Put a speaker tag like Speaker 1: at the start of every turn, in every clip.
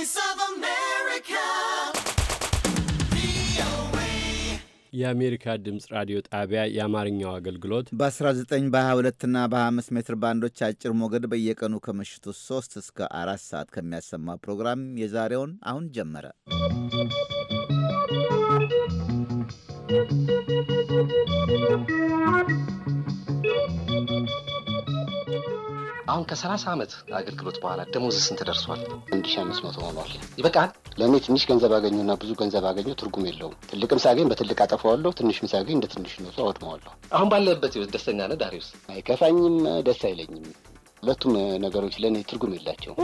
Speaker 1: Voice of America.
Speaker 2: የአሜሪካ ድምፅ ራዲዮ ጣቢያ የአማርኛው አገልግሎት በ19 በ22 እና በ25 ሜትር ባንዶች አጭር ሞገድ በየቀኑ ከምሽቱ 3 እስከ 4 ሰዓት ከሚያሰማው ፕሮግራም የዛሬውን አሁን ጀመረ።
Speaker 3: አሁን ከሰላሳ ዓመት አገልግሎት በኋላ ደሞዝ ስንት ደርሷል?
Speaker 4: አንድ ሺህ አምስት መቶ ሆኗል። ይበቃል። ለእኔ ትንሽ ገንዘብ አገኘና ብዙ ገንዘብ አገኘው ትርጉም የለውም። ትልቅም ሳገኝ በትልቅ አጠፋዋለሁ፣ ትንሽም ሳገኝ እንደ ትንሽነቱ
Speaker 5: አወድመዋለሁ። አሁን ባለበት ህይወት ደስተኛ ነህ ዳሪውስ?
Speaker 4: አይከፋኝም፣ ደስ አይለኝም። ሁለቱም ነገሮች ለእኔ ትርጉም የላቸው።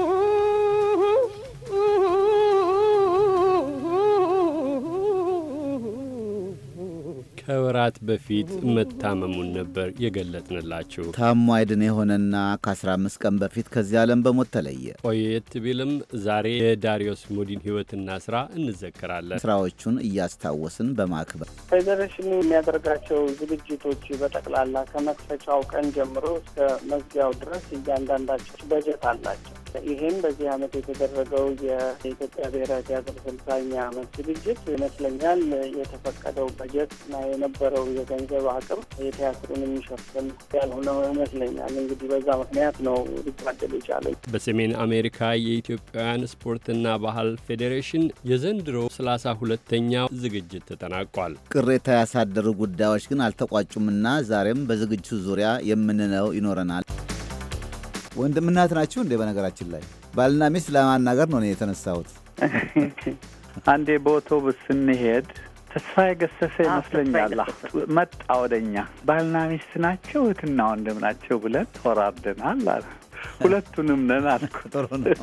Speaker 3: ከወራት በፊት መታመሙን ነበር የገለጥንላችሁ።
Speaker 2: ታሞ አይድን የሆነና ከ15 ቀን በፊት ከዚህ ዓለም በሞት ተለየ።
Speaker 3: ቆየት ቢልም ዛሬ የዳሪዮስ ሙዲን ሕይወትና ስራ እንዘከራለን።
Speaker 2: ስራዎቹን እያስታወስን በማክበር
Speaker 6: ፌዴሬሽኑ የሚያደርጋቸው ዝግጅቶች በጠቅላላ ከመክፈቻው ቀን ጀምሮ እስከ መዝጊያው ድረስ እያንዳንዳቸው በጀት አላቸው። ይህም በዚህ ዓመት የተደረገው የኢትዮጵያ ብሔራዊ ቲያትር ስልሳኛ ዓመት ዝግጅት ይመስለኛል የተፈቀደው በጀት ና የነበረው የገንዘብ አቅም የቲያትሩን የሚሸፍን ያልሆነ ይመስለኛል። እንግዲህ በዛ ምክንያት ነው ሊጓደል የቻለ።
Speaker 3: በሰሜን አሜሪካ የኢትዮጵያውያን ስፖርትና ባህል ፌዴሬሽን የዘንድሮ ሰላሳ ሁለተኛው ዝግጅት ተጠናቋል።
Speaker 2: ቅሬታ ያሳደሩ ጉዳዮች ግን አልተቋጩምና ዛሬም በዝግጅቱ ዙሪያ የምንነው ይኖረናል። ወንድምናት ናችሁ እንዴ? በነገራችን ላይ ባልና ሚስት ለማናገር ነው የተነሳሁት።
Speaker 5: አንዴ በአውቶቡስ ስንሄድ ተስፋ የገሰሰ ይመስለኛል መጣ ወደኛ። ባልና ሚስት ናቸው እህትና ወንድም ናቸው ብለን ተወራርደናል አለ። ሁለቱንም ነን አልኩ። ጥሩ ነው።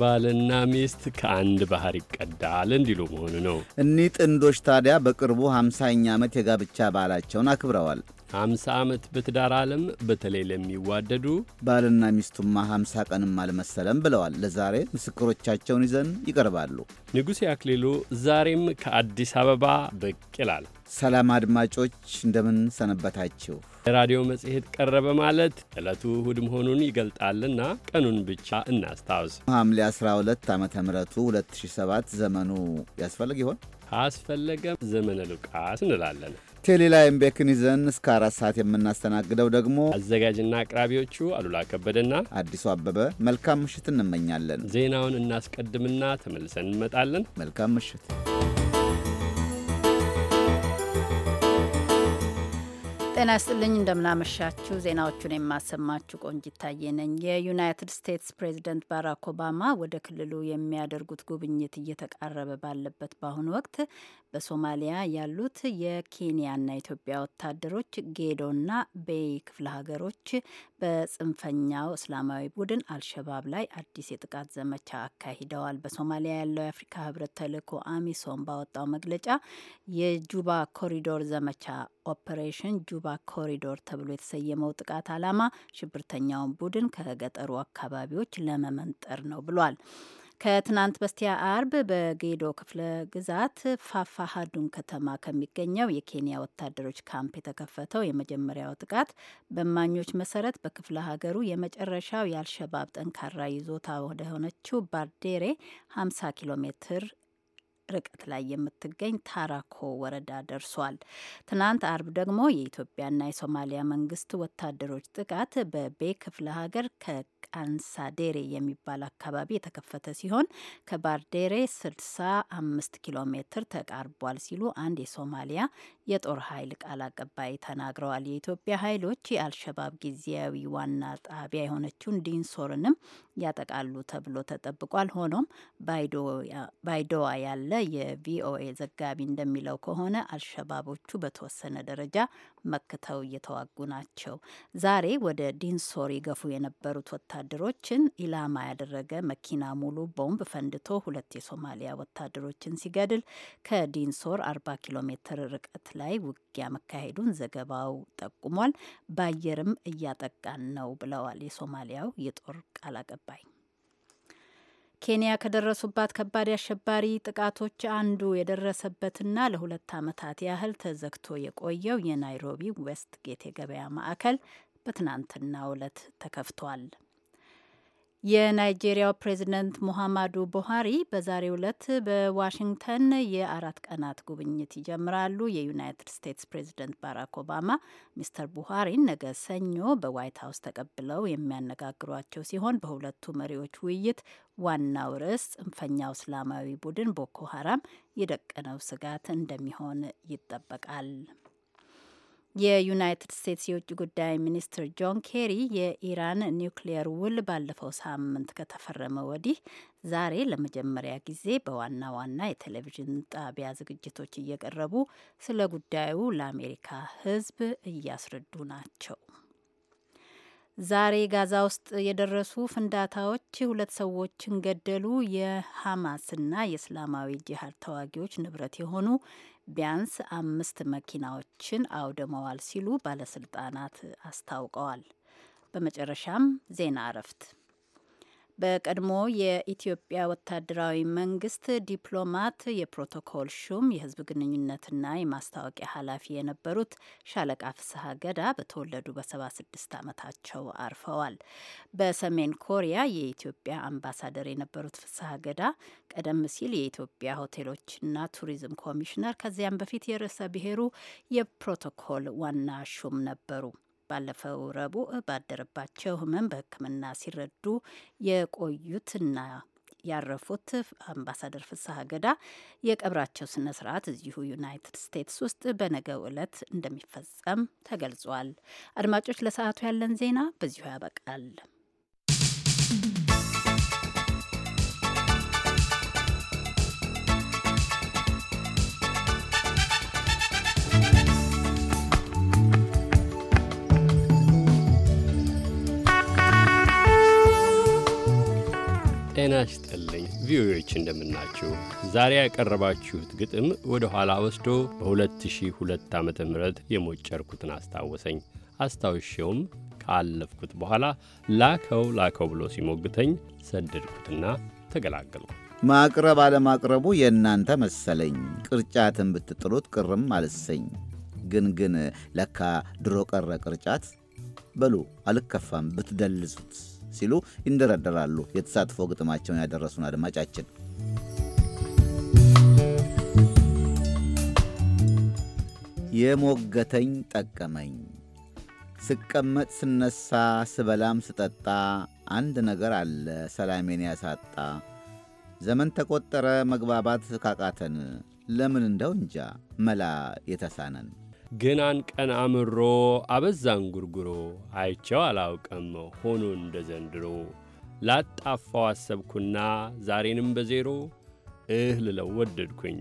Speaker 3: ባልና ሚስት ከአንድ ባህር ይቀዳል እንዲሉ መሆኑ ነው።
Speaker 2: እኒህ ጥንዶች ታዲያ በቅርቡ ሃምሳኛ ዓመት የጋብቻ በዓላቸውን አክብረዋል።
Speaker 3: ሀምሳ ዓመት በትዳር ዓለም በተለይ ለሚዋደዱ
Speaker 2: ባልና ሚስቱማ ሀምሳ ቀንም አልመሰለም ብለዋል። ለዛሬ ምስክሮቻቸውን ይዘን ይቀርባሉ። ንጉሴ አክሊሉ
Speaker 3: ዛሬም ከአዲስ አበባ ብቅ ይላል።
Speaker 2: ሰላም አድማጮች፣ እንደምን ሰነበታችሁ?
Speaker 3: የራዲዮ መጽሔት ቀረበ ማለት ዕለቱ እሁድ መሆኑን ይገልጣልና ቀኑን
Speaker 2: ብቻ እናስታውስ። ሐምሌ 12 ዓ ም 2007 ዘመኑ ያስፈልግ ይሆን?
Speaker 3: ካስፈለገም ዘመነ ሉቃስ እንላለን።
Speaker 2: ቴሌላይም ቤክን ይዘን እስከ አራት ሰዓት የምናስተናግደው ደግሞ አዘጋጅና አቅራቢዎቹ አሉላ ከበደና አዲሱ አበበ
Speaker 3: መልካም ምሽት እንመኛለን። ዜናውን እናስቀድምና ተመልሰን እንመጣለን። መልካም ምሽት።
Speaker 7: ጤና ስጥልኝ። እንደምናመሻችሁ። ዜናዎቹን የማሰማችሁ ቆንጂት ታዬ ነኝ። የዩናይትድ ስቴትስ ፕሬዚደንት ባራክ ኦባማ ወደ ክልሉ የሚያደርጉት ጉብኝት እየተቃረበ ባለበት በአሁኑ ወቅት በሶማሊያ ያሉት የኬንያና ኢትዮጵያ ወታደሮች ጌዶና ቤይ ክፍለ ሀገሮች በጽንፈኛው እስላማዊ ቡድን አልሸባብ ላይ አዲስ የጥቃት ዘመቻ አካሂደዋል። በሶማሊያ ያለው የአፍሪካ ህብረት ተልዕኮ አሚሶም ባወጣው መግለጫ የጁባ ኮሪዶር ዘመቻ ኦፐሬሽን ጁባ ኮሪዶር ተብሎ የተሰየመው ጥቃት ዓላማ ሽብርተኛውን ቡድን ከገጠሩ አካባቢዎች ለመመንጠር ነው ብሏል። ከትናንት በስቲያ አርብ በጌዶ ክፍለ ግዛት ፋፋሃዱን ከተማ ከሚገኘው የኬንያ ወታደሮች ካምፕ የተከፈተው የመጀመሪያው ጥቃት በማኞች መሰረት በክፍለ ሀገሩ የመጨረሻው የአልሸባብ ጠንካራ ይዞታ ሆነችው ባርዴሬ 50 ኪሎ ሜትር ርቀት ላይ የምትገኝ ታራኮ ወረዳ ደርሷል። ትናንት አርብ ደግሞ የኢትዮጵያና የሶማሊያ መንግስት ወታደሮች ጥቃት በቤ ክፍለ ሀገር ቃንሳዴሬ የሚባል አካባቢ የተከፈተ ሲሆን ከባርዴሬ 65 ኪሎ ሜትር ተቃርቧል ሲሉ አንድ የሶማሊያ የጦር ኃይል ቃል አቀባይ ተናግረዋል። የኢትዮጵያ ኃይሎች የአልሸባብ ጊዜያዊ ዋና ጣቢያ የሆነችውን ዲንሶርንም ያጠቃሉ ተብሎ ተጠብቋል። ሆኖም ባይዶዋ ያለ የቪኦኤ ዘጋቢ እንደሚለው ከሆነ አልሸባቦቹ በተወሰነ ደረጃ መክተው እየተዋጉ ናቸው። ዛሬ ወደ ዲንሶር ይገፉ የነበሩት ወታደሮችን ኢላማ ያደረገ መኪና ሙሉ ቦምብ ፈንድቶ ሁለት የሶማሊያ ወታደሮችን ሲገድል ከዲንሶር 40 ኪሎ ሜትር ርቀት ላይ ውጊያ መካሄዱን ዘገባው ጠቁሟል። በአየርም እያጠቃን ነው ብለዋል የሶማሊያው የጦር ቃል አቀባይ። ኬንያ ከደረሱባት ከባድ አሸባሪ ጥቃቶች አንዱ የደረሰበትና ለሁለት ዓመታት ያህል ተዘግቶ የቆየው የናይሮቢ ዌስት ጌት የገበያ ማዕከል በትናንትናው ዕለት ተከፍቷል። የናይጄሪያው ፕሬዚደንት ሙሐማዱ ቡሃሪ በዛሬው ዕለት በዋሽንግተን የአራት ቀናት ጉብኝት ይጀምራሉ። የዩናይትድ ስቴትስ ፕሬዚደንት ባራክ ኦባማ ሚስተር ቡሃሪን ነገ ሰኞ በዋይት ሀውስ ተቀብለው የሚያነጋግሯቸው ሲሆን በሁለቱ መሪዎች ውይይት ዋናው ርዕስ ጽንፈኛው እስላማዊ ቡድን ቦኮ ሀራም የደቀነው ስጋት እንደሚሆን ይጠበቃል። የዩናይትድ ስቴትስ የውጭ ጉዳይ ሚኒስትር ጆን ኬሪ የኢራን ኒውክሊየር ውል ባለፈው ሳምንት ከተፈረመ ወዲህ ዛሬ ለመጀመሪያ ጊዜ በዋና ዋና የቴሌቪዥን ጣቢያ ዝግጅቶች እየቀረቡ ስለ ጉዳዩ ለአሜሪካ ሕዝብ እያስረዱ ናቸው። ዛሬ ጋዛ ውስጥ የደረሱ ፍንዳታዎች ሁለት ሰዎችን ገደሉ። የሐማስና የእስላማዊ ጂሃድ ተዋጊዎች ንብረት የሆኑ ቢያንስ አምስት መኪናዎችን አውድመዋል ሲሉ ባለስልጣናት አስታውቀዋል። በመጨረሻም ዜና እረፍት በቀድሞ የኢትዮጵያ ወታደራዊ መንግስት ዲፕሎማት የፕሮቶኮል ሹም የህዝብ ግንኙነትና የማስታወቂያ ኃላፊ የነበሩት ሻለቃ ፍስሀ ገዳ በተወለዱ በ76 ዓመታቸው አርፈዋል። በሰሜን ኮሪያ የኢትዮጵያ አምባሳደር የነበሩት ፍስሀ ገዳ ቀደም ሲል የኢትዮጵያ ሆቴሎችና ቱሪዝም ኮሚሽነር ከዚያም በፊት የርዕሰ ብሔሩ የፕሮቶኮል ዋና ሹም ነበሩ። ባለፈው ረቡዕ ባደረባቸው ህመም በሕክምና ሲረዱ የቆዩትና ያረፉት አምባሳደር ፍስሐ ገዳ የቀብራቸው ስነ ስርዓት እዚሁ ዩናይትድ ስቴትስ ውስጥ በነገው ዕለት እንደሚፈጸም ተገልጿል። አድማጮች፣ ለሰዓቱ ያለን ዜና በዚሁ ያበቃል።
Speaker 3: ጤና ይስጥልኝ ቪዮዎች እንደምናችሁ። ዛሬ ያቀረባችሁት ግጥም ወደ ኋላ ወስዶ በ2002 ዓ ም የሞጨርኩትን አስታወሰኝ። አስታውሼውም ካለፍኩት በኋላ ላከው ላከው ብሎ ሲሞግተኝ ሰደድኩትና ተገላገልኩ።
Speaker 2: ማቅረብ አለማቅረቡ የእናንተ መሰለኝ። ቅርጫትን ብትጥሉት ቅርም አልሰኝ። ግን ግን ለካ ድሮ ቀረ ቅርጫት። በሉ አልከፋም ብትደልዙት ሲሉ ይንደረደራሉ። የተሳትፎ ግጥማቸውን ያደረሱን አድማጫችን የሞገተኝ ጠቀመኝ ስቀመጥ ስነሳ ስበላም ስጠጣ አንድ ነገር አለ ሰላሜን ያሳጣ ዘመን ተቆጠረ መግባባት ካቃተን ለምን እንደው እንጃ መላ የተሳነን
Speaker 3: ገናን ቀን አምሮ አበዛን ጉርጉሮ አይቸው አላውቅም ሆኖ እንደ ዘንድሮ ላጣፋው አሰብኩና ዛሬንም በዜሮ እህ ልለው ወደድኩኝ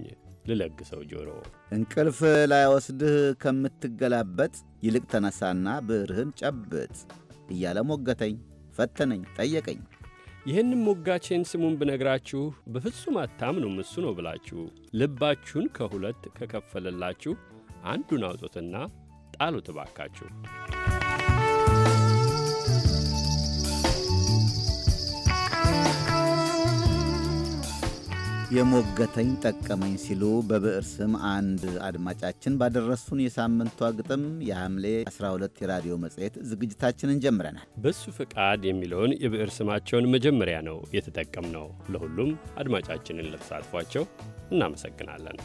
Speaker 3: ልለግሰው ጆሮ
Speaker 2: እንቅልፍ ላይወስድህ ከምትገላበጥ ይልቅ ተነሳና ብዕርህን ጨብጥ እያለ ሞገተኝ፣ ፈተነኝ፣ ጠየቀኝ።
Speaker 3: ይህንም ሞጋችን ስሙን ብነግራችሁ በፍጹም አታምኑም እሱ ነው ብላችሁ ልባችሁን ከሁለት ከከፈለላችሁ አንዱን አውጡትና ጣሉት እባካችሁ።
Speaker 2: የሞገተኝ ጠቀመኝ ሲሉ በብዕር ስም አንድ አድማጫችን ባደረሱን የሳምንቷ ግጥም የሐምሌ 12 የራዲዮ መጽሔት ዝግጅታችንን ጀምረናል።
Speaker 3: በሱ ፈቃድ የሚለውን የብዕር ስማቸውን መጀመሪያ ነው የተጠቀምነው። ለሁሉም አድማጫችንን ለተሳትፏቸው እናመሰግናለን።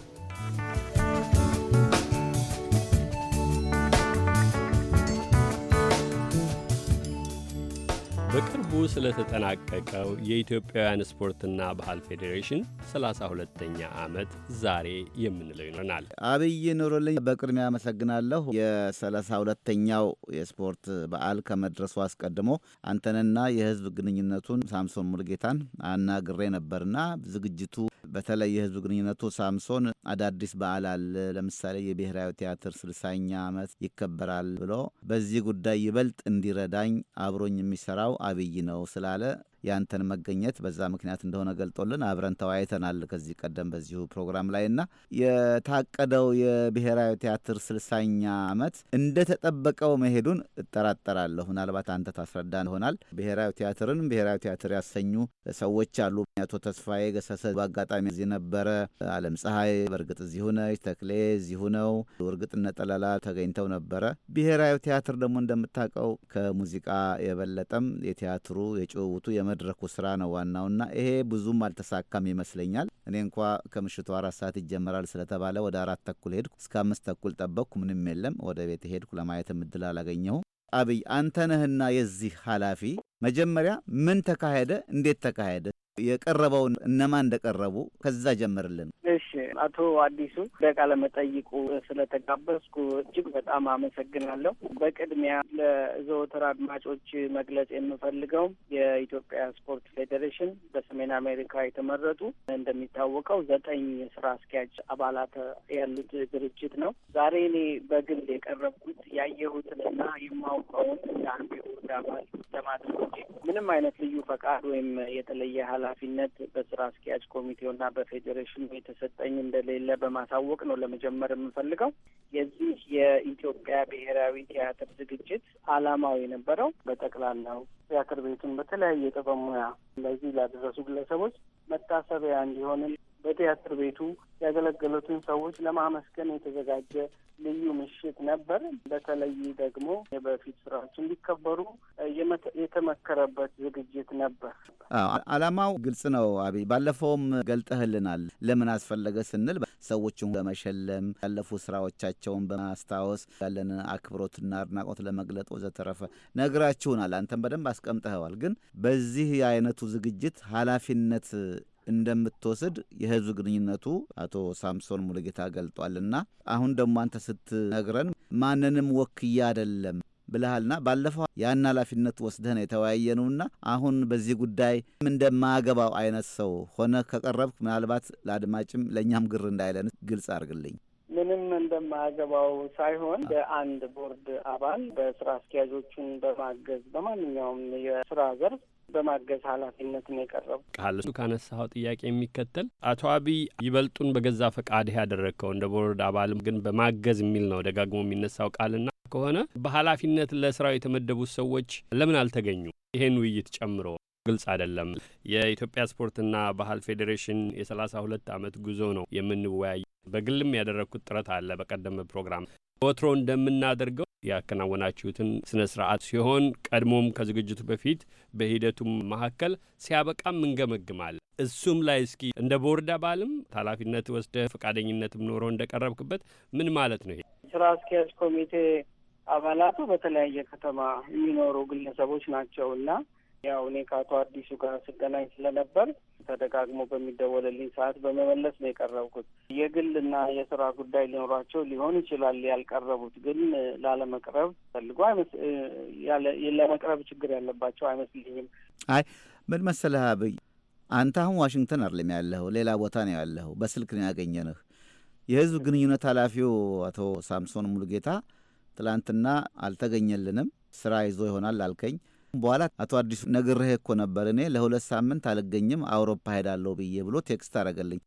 Speaker 3: በቅርቡ ስለተጠናቀቀው የኢትዮጵያውያን ስፖርትና ባህል ፌዴሬሽን 32 ተኛ ዓመት ዛሬ የምንለው ይሆናል።
Speaker 2: አብይ ኑሩልኝ፣ በቅድሚያ አመሰግናለሁ። የ32ተኛው የስፖርት በዓል ከመድረሱ አስቀድሞ አንተንና የህዝብ ግንኙነቱን ሳምሶን ሙልጌታን አናግሬ ነበርና ዝግጅቱ በተለይ የህዝብ ግንኙነቱ ሳምሶን አዳዲስ በዓል አለ፣ ለምሳሌ የብሔራዊ ቲያትር ስልሳኛ ዓመት ይከበራል ብሎ በዚህ ጉዳይ ይበልጥ እንዲረዳኝ አብሮኝ የሚሰራው አብይ ነው ስላለ ያንተን መገኘት በዛ ምክንያት እንደሆነ ገልጦልን አብረን ተወያይተናል ከዚህ ቀደም በዚሁ ፕሮግራም ላይ እና የታቀደው የብሔራዊ ቲያትር ስልሳኛ ዓመት እንደተጠበቀው መሄዱን እጠራጠራለሁ። ምናልባት አንተ ታስረዳን ይሆናል። ብሔራዊ ቲያትርን ብሔራዊ ቲያትር ያሰኙ ሰዎች አሉ። አቶ ተስፋዬ ገሰሰ በአጋጣሚ እዚህ ነበረ። አለም ፀሐይ በእርግጥ እዚሁ ነች። ተክሌ እዚሁ ነው። እርግጥ ነጠለላ ተገኝተው ነበረ። ብሔራዊ ቲያትር ደግሞ እንደምታውቀው ከሙዚቃ የበለጠም የቲያትሩ የጭውውቱ የመ የመድረኩ ስራ ነው ዋናውና ይሄ ብዙም አልተሳካም ይመስለኛል። እኔ እንኳ ከምሽቱ አራት ሰዓት ይጀመራል ስለተባለ ወደ አራት ተኩል ሄድኩ። እስከ አምስት ተኩል ጠበቅኩ። ምንም የለም። ወደ ቤት ሄድኩ። ለማየት እድል አላገኘሁም። አብይ አንተ ነህና የዚህ ኃላፊ መጀመሪያ ምን ተካሄደ? እንዴት ተካሄደ? የቀረበውን እነማን እንደቀረቡ ከዛ ጀምርልን።
Speaker 8: እሺ፣ አቶ
Speaker 6: አዲሱ ለቃለ መጠይቁ ስለተጋበዝኩ እጅግ በጣም አመሰግናለሁ። በቅድሚያ ለዘወትር አድማጮች መግለጽ የምፈልገው የኢትዮጵያ ስፖርት ፌዴሬሽን በሰሜን አሜሪካ የተመረጡ እንደሚታወቀው ዘጠኝ የስራ አስኪያጅ አባላት ያሉት ድርጅት ነው። ዛሬ እኔ በግል የቀረብኩት ያየሁትንና የማውቀውን የአንድ ቦርድ አባል ለማድረግ ምንም አይነት ልዩ ፈቃድ ወይም የተለየ ሀላ ኃላፊነት በስራ አስኪያጅ ኮሚቴውና በፌዴሬሽኑ የተሰጠኝ እንደሌለ በማሳወቅ ነው ለመጀመር የምፈልገው። የዚህ የኢትዮጵያ ብሔራዊ ቲያትር ዝግጅት ዓላማው የነበረው በጠቅላላው ቲያትር ቤቱን በተለያየ ጥበብ ሙያ ለዚህ ላደረሱ ግለሰቦች መታሰቢያ እንዲሆንን በቲያትር ቤቱ ያገለገሉትን ሰዎች ለማመስገን የተዘጋጀ ልዩ ምሽት ነበር። በተለይ ደግሞ የበፊት ስራዎች እንዲከበሩ የተመከረበት ዝግጅት ነበር።
Speaker 2: አላማው ግልጽ ነው። አብይ ባለፈውም ገልጠህልናል። ለምን አስፈለገ ስንል ሰዎችን በመሸለም ያለፉ ስራዎቻቸውን በማስታወስ ያለን አክብሮትና አድናቆት ለመግለጥ ወዘተረፈ ነግራችሁናል። አንተም በደንብ አስቀምጠኸዋል። ግን በዚህ አይነቱ ዝግጅት ኃላፊነት እንደምትወስድ የህዝብ ግንኙነቱ አቶ ሳምሶን ሙሉጌታ ገልጧልና አሁን ደግሞ አንተ ስትነግረን ማንንም ወክያ አይደለም ብልሃልና ባለፈው ያን ኃላፊነት ወስደህን ነውና አሁን በዚህ ጉዳይ እንደማያገባው አይነት ሰው ሆነ ከቀረብክ ምናልባት ለአድማጭም ለእኛም ግር እንዳይለን ግልጽ አድርግልኝ።
Speaker 6: ምንም እንደማያገባው ሳይሆን በአንድ ቦርድ አባል በስራ አስኪያጆቹን በማገዝ በማንኛውም የስራ ዘርፍ በማገዝ ኃላፊነትን
Speaker 1: የቀረቡ
Speaker 3: ቃል እሱ ካነሳኸው ጥያቄ የሚከተል አቶ አብይ ይበልጡን በገዛ ፈቃድህ ያደረግከው እንደ ቦርድ አባልም ግን በማገዝ የሚል ነው ደጋግሞ የሚነሳው ቃልና ከሆነ በኃላፊነት ለስራው የተመደቡት ሰዎች ለምን አልተገኙ? ይሄን ውይይት ጨምሮ ግልጽ አይደለም። የኢትዮጵያ ስፖርትና ባህል ፌዴሬሽን የሰላሳ ሁለት ዓመት ጉዞ ነው የምንወያይ። በግልም ያደረግኩት ጥረት አለ። በቀደመ ፕሮግራም ወትሮ እንደምናደርገው ያከናወናችሁትን ስነ ስርዓት ሲሆን ቀድሞም ከዝግጅቱ በፊት በሂደቱም መካከል ሲያበቃም እንገመግማል። እሱም ላይ እስኪ እንደ ቦርድ አባልም ኃላፊነት ወስደህ ፈቃደኝነትም ኖሮ እንደቀረብክበት ምን ማለት ነው?
Speaker 6: ስራ አስኪያጅ ኮሚቴ አባላቱ በተለያየ ከተማ የሚኖሩ ግለሰቦች ናቸው እና ያው እኔ ከአቶ አዲሱ ጋር ስገናኝ ስለነበር ተደጋግሞ በሚደወልልኝ ሰዓት በመመለስ ነው የቀረብኩት። የግል እና የስራ ጉዳይ ሊኖራቸው ሊሆን ይችላል ያልቀረቡት፣ ግን ላለመቅረብ ፈልጎ ለመቅረብ ችግር ያለባቸው አይመስልኝም።
Speaker 2: አይ ምን መሰለህ አብይ፣ አንተ አሁን ዋሽንግተን አይደለም ያለኸው፣ ሌላ ቦታ ነው ያለኸው። በስልክ ነው ያገኘንህ። የህዝብ ግንኙነት ኃላፊው አቶ ሳምሶን ሙሉጌታ ትላንትና አልተገኘልንም፣ ስራ ይዞ ይሆናል አልከኝ። በኋላ አቶ አዲሱ ነግሬህ እኮ ነበር እኔ ለሁለት ሳምንት አልገኝም አውሮፓ ሄዳለሁ ብዬ ብሎ ቴክስት አረገልኝ።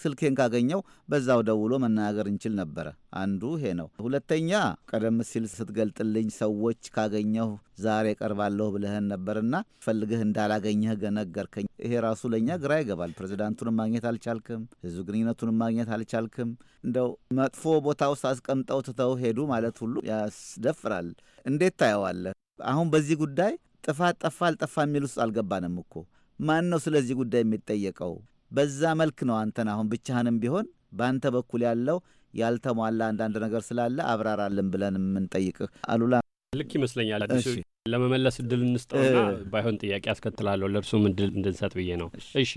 Speaker 2: ስልኬን ካገኘው በዛው ደውሎ መናገር እንችል ነበረ። አንዱ ይሄ ነው። ሁለተኛ ቀደም ሲል ስትገልጥልኝ ሰዎች ካገኘሁ ዛሬ ቀርባለሁ ብለህን ነበርና ፈልግህ እንዳላገኘህ ገነገርከኝ። ይሄ ራሱ ለእኛ ግራ ይገባል። ፕሬዚዳንቱንም ማግኘት አልቻልክም፣ ህዝብ ግንኙነቱንም ማግኘት አልቻልክም። እንደው መጥፎ ቦታ ውስጥ አስቀምጠው ትተው ሄዱ ማለት ሁሉ ያስደፍራል። እንዴት ታየዋለህ? አሁን በዚህ ጉዳይ ጥፋት ጠፋ አልጠፋ የሚል ውስጥ አልገባንም እኮ። ማን ነው ስለዚህ ጉዳይ የሚጠየቀው? በዛ መልክ ነው አንተን አሁን ብቻህንም ቢሆን በአንተ በኩል ያለው ያልተሟላ አንዳንድ ነገር ስላለ አብራራልን ብለን የምንጠይቅህ አሉላ።
Speaker 3: ልክ ይመስለኛል። አዲሱ ለመመለስ እድል እንስጠውና ባይሆን ጥያቄ አስከትላለሁ ለእርሱም እድል እንድንሰጥ ብዬ ነው። እሺ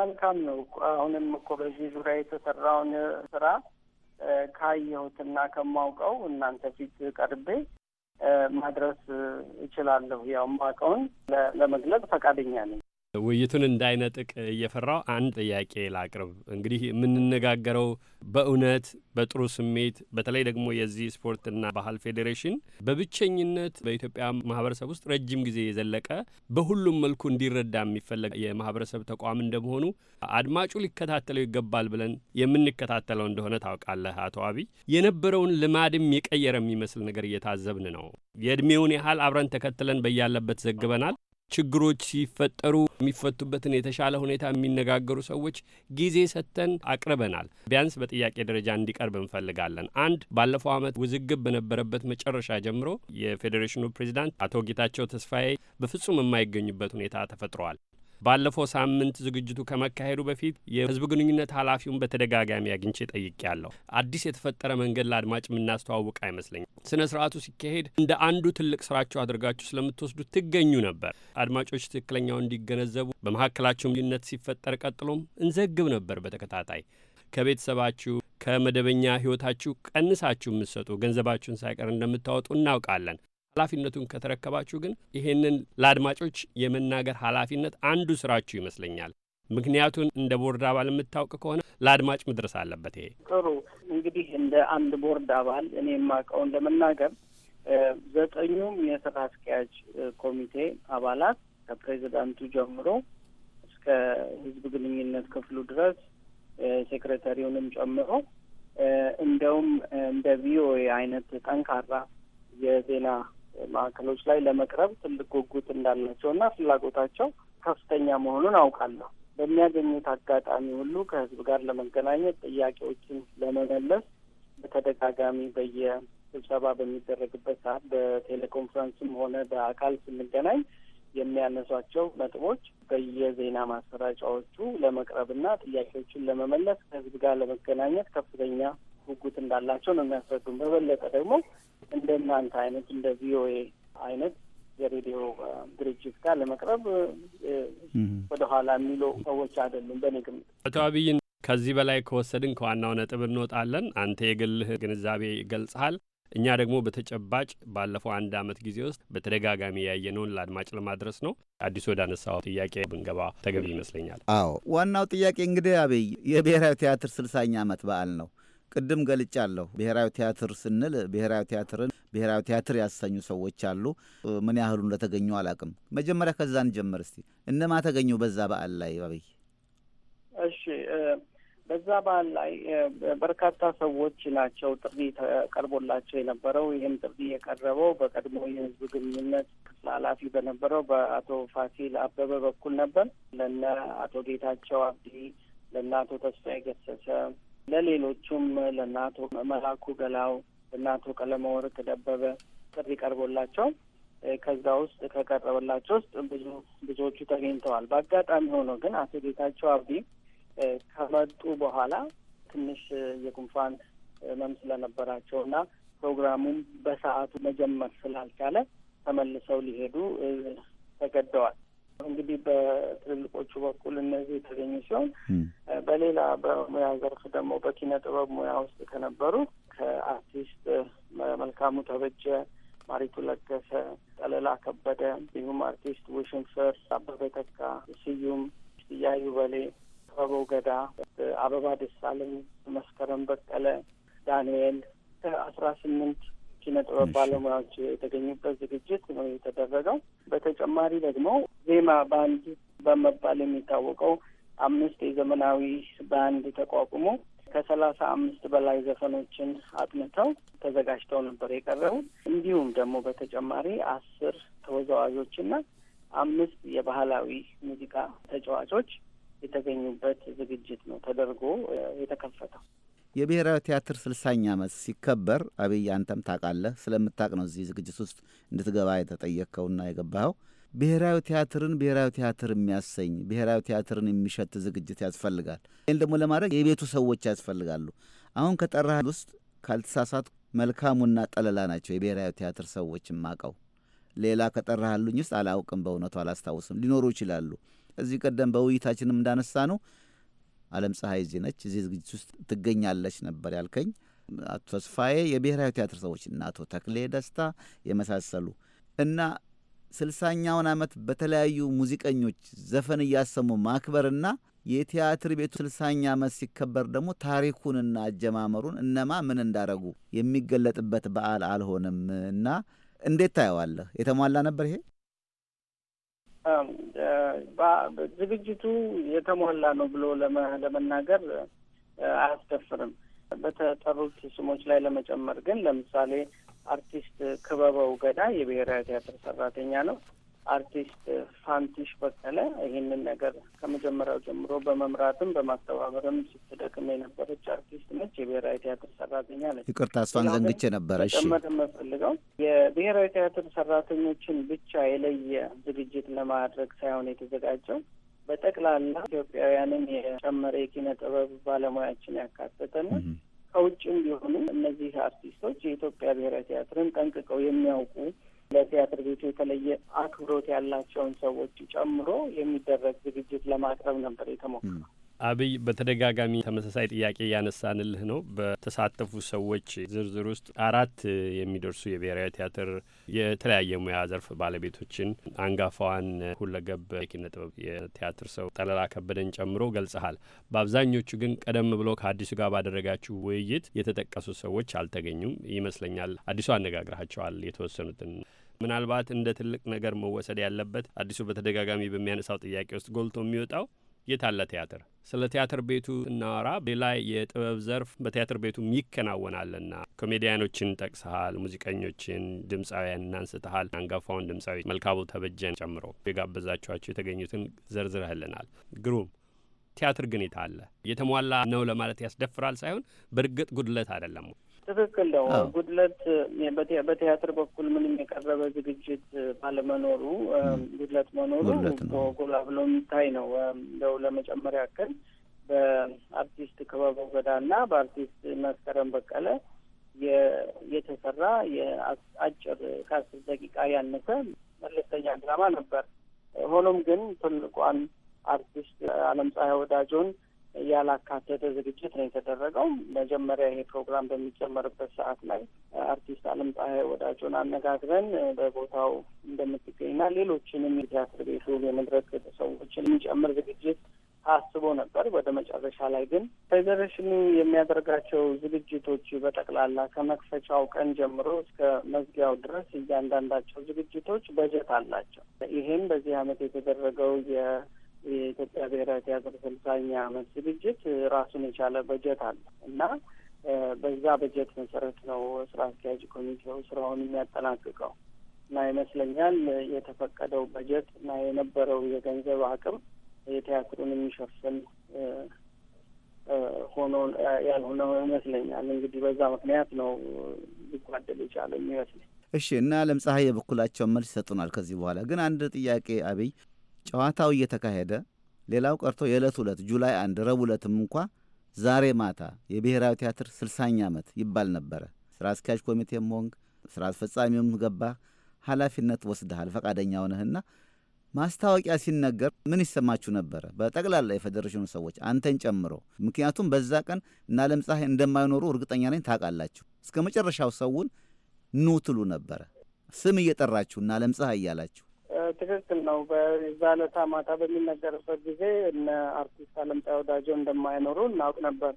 Speaker 6: መልካም ነው። አሁንም እኮ በዚህ ዙሪያ የተሰራውን ስራ ካየሁትና ከማውቀው እናንተ ፊት ቀርቤ ማድረስ እችላለሁ። ያው ማቀውን ለመግለጽ ፈቃደኛ
Speaker 3: ነኝ። ውይይቱን እንዳይነጥቅ እየፈራው አንድ ጥያቄ ላቅርብ። እንግዲህ የምንነጋገረው በእውነት በጥሩ ስሜት በተለይ ደግሞ የዚህ ስፖርትና ባህል ፌዴሬሽን በብቸኝነት በኢትዮጵያ ማህበረሰብ ውስጥ ረጅም ጊዜ የዘለቀ በሁሉም መልኩ እንዲረዳ የሚፈለግ የማህበረሰብ ተቋም እንደመሆኑ አድማጩ ሊከታተለው ይገባል ብለን የምንከታተለው እንደሆነ ታውቃለህ አቶ አብይ። የነበረውን ልማድም የቀየረ የሚመስል ነገር እየታዘብን ነው። የእድሜውን ያህል አብረን ተከትለን በያለበት ዘግበናል። ችግሮች ሲፈጠሩ የሚፈቱበትን የተሻለ ሁኔታ የሚነጋገሩ ሰዎች ጊዜ ሰጥተን አቅርበናል። ቢያንስ በጥያቄ ደረጃ እንዲቀርብ እንፈልጋለን። አንድ ባለፈው ዓመት ውዝግብ በነበረበት መጨረሻ ጀምሮ የፌዴሬሽኑ ፕሬዚዳንት አቶ ጌታቸው ተስፋዬ በፍጹም የማይገኙበት ሁኔታ ተፈጥረዋል። ባለፈው ሳምንት ዝግጅቱ ከመካሄዱ በፊት የህዝብ ግንኙነት ኃላፊውን በተደጋጋሚ አግኝቼ ጠይቄያለሁ። አዲስ የተፈጠረ መንገድ ለአድማጭ የምናስተዋውቅ አይመስለኝም። ስነ ስርዓቱ ሲካሄድ እንደ አንዱ ትልቅ ስራችሁ አድርጋችሁ ስለምትወስዱ ትገኙ ነበር። አድማጮች ትክክለኛው እንዲገነዘቡ በመካከላቸው ግንኙነት ሲፈጠር ቀጥሎም እንዘግብ ነበር። በተከታታይ ከቤተሰባችሁ ከመደበኛ ህይወታችሁ ቀንሳችሁ የምትሰጡ ገንዘባችሁን ሳይቀር እንደምታወጡ እናውቃለን። ኃላፊነቱን ከተረከባችሁ ግን ይህንን ለአድማጮች የመናገር ኃላፊነት አንዱ ስራችሁ ይመስለኛል። ምክንያቱን እንደ ቦርድ አባል የምታውቅ ከሆነ ለአድማጭ መድረስ አለበት። ይሄ
Speaker 6: ጥሩ እንግዲህ እንደ አንድ ቦርድ አባል እኔ የማውቀውን ለመናገር ዘጠኙም የስራ አስኪያጅ ኮሚቴ አባላት ከፕሬዚዳንቱ ጀምሮ እስከ ህዝብ ግንኙነት ክፍሉ ድረስ ሴክሬታሪውንም ጨምሮ እንደውም እንደ ቪኦኤ አይነት ጠንካራ የዜና ማዕከሎች ላይ ለመቅረብ ትልቅ ጉጉት እንዳላቸው እና ፍላጎታቸው ከፍተኛ መሆኑን አውቃለሁ። በሚያገኙት አጋጣሚ ሁሉ ከህዝብ ጋር ለመገናኘት ጥያቄዎችን ለመመለስ በተደጋጋሚ በየ ስብሰባ በሚደረግበት ሰዓት በቴሌኮንፈረንስም ሆነ በአካል ስንገናኝ የሚያነሷቸው ነጥቦች በየዜና ማሰራጫዎቹ ለመቅረብና ጥያቄዎችን ለመመለስ ከህዝብ ጋር ለመገናኘት ከፍተኛ ጉጉት እንዳላቸው ነው የሚያስረዱን። በበለጠ ደግሞ እንደ እናንተ አይነት እንደ ቪኦኤ አይነት የሬዲዮ ድርጅት ጋር ለመቅረብ ወደኋላ የሚሉ ሰዎች አይደሉም በእኔ ግምት።
Speaker 3: አቶ አብይን ከዚህ በላይ ከወሰድን ከዋናው ነጥብ እንወጣለን። አንተ የግልህ ግንዛቤ ገልጸሃል። እኛ ደግሞ በተጨባጭ ባለፈው አንድ ዓመት ጊዜ ውስጥ በተደጋጋሚ ያየነውን ለአድማጭ ለማድረስ ነው። አዲሱ ወደ አነሳው ጥያቄ ብንገባ ተገቢ ይመስለኛል።
Speaker 2: አዎ ዋናው ጥያቄ እንግዲህ አብይ የብሔራዊ ቲያትር ስልሳኛ ዓመት በዓል ነው። ቅድም ገልጫለሁ። ብሔራዊ ቲያትር ስንል ብሔራዊ ቲያትርን ብሔራዊ ቲያትር ያሰኙ ሰዎች አሉ። ምን ያህሉ እንደተገኙ አላቅም። መጀመሪያ ከዛ እንጀምር እስቲ። እነማ ተገኙ በዛ በዓል ላይ አብይ?
Speaker 6: እሺ፣ በዛ በዓል ላይ በርካታ ሰዎች ናቸው ጥሪ ቀርቦላቸው የነበረው። ይህም ጥሪ የቀረበው በቀድሞ የህዝብ ግንኙነት ክፍል ኃላፊ በነበረው በአቶ ፋሲል አበበ በኩል ነበር። ለነ አቶ ጌታቸው አብዲ፣ ለነ አቶ ተስፋዬ ገሰሰ ለሌሎቹም ለእናቶ አቶ መላኩ ገላው እና ቀለመ ቀለመወርቅ ደበበ ጥሪ ቀርቦላቸው ከዛ ውስጥ ከቀረበላቸው ውስጥ ብዙ ብዙዎቹ ተገኝተዋል። በአጋጣሚ ሆኖ ግን አቶ ጌታቸው አብዲ ከመጡ በኋላ ትንሽ የጉንፋን ህመም ስለነበራቸው እና ፕሮግራሙም በሰዓቱ መጀመር ስላልቻለ ተመልሰው ሊሄዱ ተገደዋል። እንግዲህ በትልልቆቹ በኩል እነዚህ የተገኙ ሲሆን በሌላ በሙያ ዘርፍ ደግሞ በኪነ ጥበብ ሙያ ውስጥ ከነበሩ ከአርቲስት መልካሙ ተበጀ፣ ማሪቱ ለገሰ፣ ጠለላ ከበደ እንዲሁም አርቲስት ውሽንፍር አበበ ተካ፣ ስዩም እያዩ በሌ፣ ጥበበው ገዳ፣ አበባ ደሳለኝ፣ መስከረም በቀለ፣ ዳንኤል ከአስራ ስምንት ጥበብ ባለሙያዎች የተገኙበት ዝግጅት ነው የተደረገው። በተጨማሪ ደግሞ ዜማ ባንድ በመባል የሚታወቀው አምስት የዘመናዊ ባንድ ተቋቁሞ ከሰላሳ አምስት በላይ ዘፈኖችን አጥንተው ተዘጋጅተው ነበር የቀረቡት። እንዲሁም ደግሞ በተጨማሪ አስር ተወዛዋዦችና አምስት የባህላዊ ሙዚቃ ተጫዋቾች የተገኙበት ዝግጅት ነው ተደርጎ የተከፈተው።
Speaker 2: የብሔራዊ ቲያትር ስልሳኛ ዓመት ሲከበር አብይ፣ አንተም ታውቃለህ ስለምታቅ ነው እዚህ ዝግጅት ውስጥ እንድትገባ የተጠየቅከውና የገባኸው። ብሔራዊ ቲያትርን ብሔራዊ ቲያትር የሚያሰኝ ብሔራዊ ቲያትርን የሚሸት ዝግጅት ያስፈልጋል። ይህን ደግሞ ለማድረግ የቤቱ ሰዎች ያስፈልጋሉ። አሁን ከጠራህል ውስጥ ካልተሳሳት መልካሙና ጠለላ ናቸው የብሔራዊ ቲያትር ሰዎች የማውቀው። ሌላ ከጠራህልኝ ውስጥ አላውቅም፣ በእውነቱ አላስታውስም። ሊኖሩ ይችላሉ። እዚህ ቀደም በውይይታችንም እንዳነሳ ነው አለም ፀሐይ እዚህ ነች፣ እዚህ ዝግጅት ውስጥ ትገኛለች ነበር ያልከኝ። አቶ ተስፋዬ የብሔራዊ ቲያትር ሰዎች እና አቶ ተክሌ ደስታ የመሳሰሉ እና ስልሳኛውን ዓመት በተለያዩ ሙዚቀኞች ዘፈን እያሰሙ ማክበርና የቲያትር ቤቱ ስልሳኛ ዓመት ሲከበር ደግሞ ታሪኩንና አጀማመሩን እነማ ምን እንዳረጉ የሚገለጥበት በዓል አልሆነም እና እንዴት ታየዋለህ? የተሟላ ነበር ይሄ?
Speaker 6: ዝግጅቱ የተሟላ ነው ብሎ ለመናገር አያስደፍርም። በተጠሩት ስሞች ላይ ለመጨመር ግን ለምሳሌ አርቲስት ክበበው ገዳ የብሔራዊ ቲያትር ሰራተኛ ነው። አርቲስት ፋንቲሽ በቀለ ይህንን ነገር ከመጀመሪያው ጀምሮ በመምራትም በማስተባበርም ስትደክም የነበረች አርቲስት ነች። የብሔራዊ ቲያትር ሰራተኛ ነች።
Speaker 2: ይቅርታ እሷን ዘንግቼ ነበረ። እሺ፣
Speaker 6: የምፈልገው የብሔራዊ ቲያትር ሰራተኞችን ብቻ የለየ ዝግጅት ለማድረግ ሳይሆን የተዘጋጀው በጠቅላላ ኢትዮጵያውያንን የጨመረ የኪነ ጥበብ ባለሙያችን ነው። ከውጭም ቢሆኑ እነዚህ አርቲስቶች የኢትዮጵያ ብሔራዊ ቲያትርን ጠንቅቀው የሚያውቁ ለቲያትር ቤቱ የተለየ አክብሮት ያላቸውን ሰዎች ጨምሮ የሚደረግ ዝግጅት ለማቅረብ ነበር የተሞከረው።
Speaker 3: አብይ፣ በተደጋጋሚ ተመሳሳይ ጥያቄ እያነሳንልህ ነው። በተሳተፉ ሰዎች ዝርዝር ውስጥ አራት የሚደርሱ የብሔራዊ ቲያትር የተለያየ ሙያ ዘርፍ ባለቤቶችን አንጋፋዋን ሁለገብ የኪነ ጥበብ የቲያትር ሰው ጠለላ ከበደን ጨምሮ ገልጸሃል። በአብዛኞቹ ግን ቀደም ብሎ ከአዲሱ ጋር ባደረጋችሁ ውይይት የተጠቀሱ ሰዎች አልተገኙም ይመስለኛል። አዲሱ አነጋግረሃቸዋል የተወሰኑትን ምናልባት እንደ ትልቅ ነገር መወሰድ ያለበት አዲሱ በተደጋጋሚ በሚያነሳው ጥያቄ ውስጥ ጎልቶ የሚወጣው የት አለ ቲያትር? ስለ ቲያትር ቤቱ እናወራ። ሌላ የጥበብ ዘርፍ በቲያትር ቤቱም ይከናወናልና ኮሜዲያኖችን ጠቅሰሃል፣ ሙዚቀኞችን፣ ድምፃውያን እናንስተሃል፣ አንጋፋውን ድምፃዊ መልካቡ ተበጀን ጨምሮ የጋበዛችኋቸው የተገኙትን ዘርዝረህልናል። ግሩም ቲያትር ግን የት አለ? የተሟላ ነው ለማለት ያስደፍራል ሳይሆን በእርግጥ ጉድለት አይደለም
Speaker 6: ትክክል ነው። ጉድለት በቲያትር በኩል ምንም የቀረበ ዝግጅት ባለመኖሩ ጉድለት መኖሩ ጎላ ብሎ የሚታይ ነው። እንደው ለመጨመሪያ ያክል በአርቲስት ክበበው ገዳና በአርቲስት መስከረም በቀለ የተሰራ የአጭር ከአስር ደቂቃ ያነሰ መለስተኛ ድራማ ነበር። ሆኖም ግን ትልቋን አርቲስት አለም ፀሐይ ወዳጆን ያላካተተ ዝግጅት ነው የተደረገው። መጀመሪያ ይሄ ፕሮግራም በሚጀመርበት ሰዓት ላይ አርቲስት አለም ፀሐይ ወዳጆን አነጋግረን በቦታው እንደምትገኝና ሌሎችንም የቲያትር ቤቱ የመድረክ ሰዎችን የሚጨምር ዝግጅት ታስቦ ነበር። ወደ መጨረሻ ላይ ግን ፌዴሬሽኑ የሚያደርጋቸው ዝግጅቶች በጠቅላላ ከመክፈቻው ቀን ጀምሮ እስከ መዝጊያው ድረስ እያንዳንዳቸው ዝግጅቶች በጀት አላቸው። ይሄም በዚህ አመት የተደረገው የ የኢትዮጵያ ብሔራዊ ቲያትር ስልሳኛ አመት ዝግጅት ራሱን የቻለ በጀት አለ እና በዛ በጀት መሰረት ነው ስራ አስኪያጅ ኮሚቴው ስራውን የሚያጠናቅቀው እና ይመስለኛል የተፈቀደው በጀት እና የነበረው የገንዘብ አቅም የቲያትሩን የሚሸፍን ሆኖ ያልሆነ ይመስለኛል። እንግዲህ በዛ ምክንያት ነው ሊጓደል የቻለ የሚመስለኝ።
Speaker 2: እሺ። እና አለም የበኩላቸውን መልስ ይሰጡናል። ከዚህ በኋላ ግን አንድ ጥያቄ አብይ ጨዋታው እየተካሄደ ሌላው ቀርቶ የዕለት ሁለት ጁላይ አንድ ረቡዕ ዕለትም እንኳ ዛሬ ማታ የብሔራዊ ቲያትር ስልሳኛ ዓመት ይባል ነበረ። ሥራ አስኪያጅ ኮሚቴም ሆንክ ሥራ አስፈጻሚውም ገባህ፣ ኃላፊነት ወስደሃል ፈቃደኛ ሆነህና ማስታወቂያ ሲነገር ምን ይሰማችሁ ነበረ? በጠቅላላ የፌዴሬሽኑ ሰዎች አንተን ጨምሮ። ምክንያቱም በዛ ቀን እና ዓለም ፀሐይ እንደማይኖሩ እርግጠኛ ነኝ ታውቃላችሁ። እስከ መጨረሻው ሰውን ኑ ትሉ ነበረ፣ ስም እየጠራችሁ እና ዓለም ፀሐይ እያላችሁ
Speaker 6: ትክክል ነው። በዛ ዕለታ ማታ በሚነገርበት ጊዜ እነ አርቲስት አለምጣ ወዳጆ እንደማይኖሩ እናውቅ ነበር።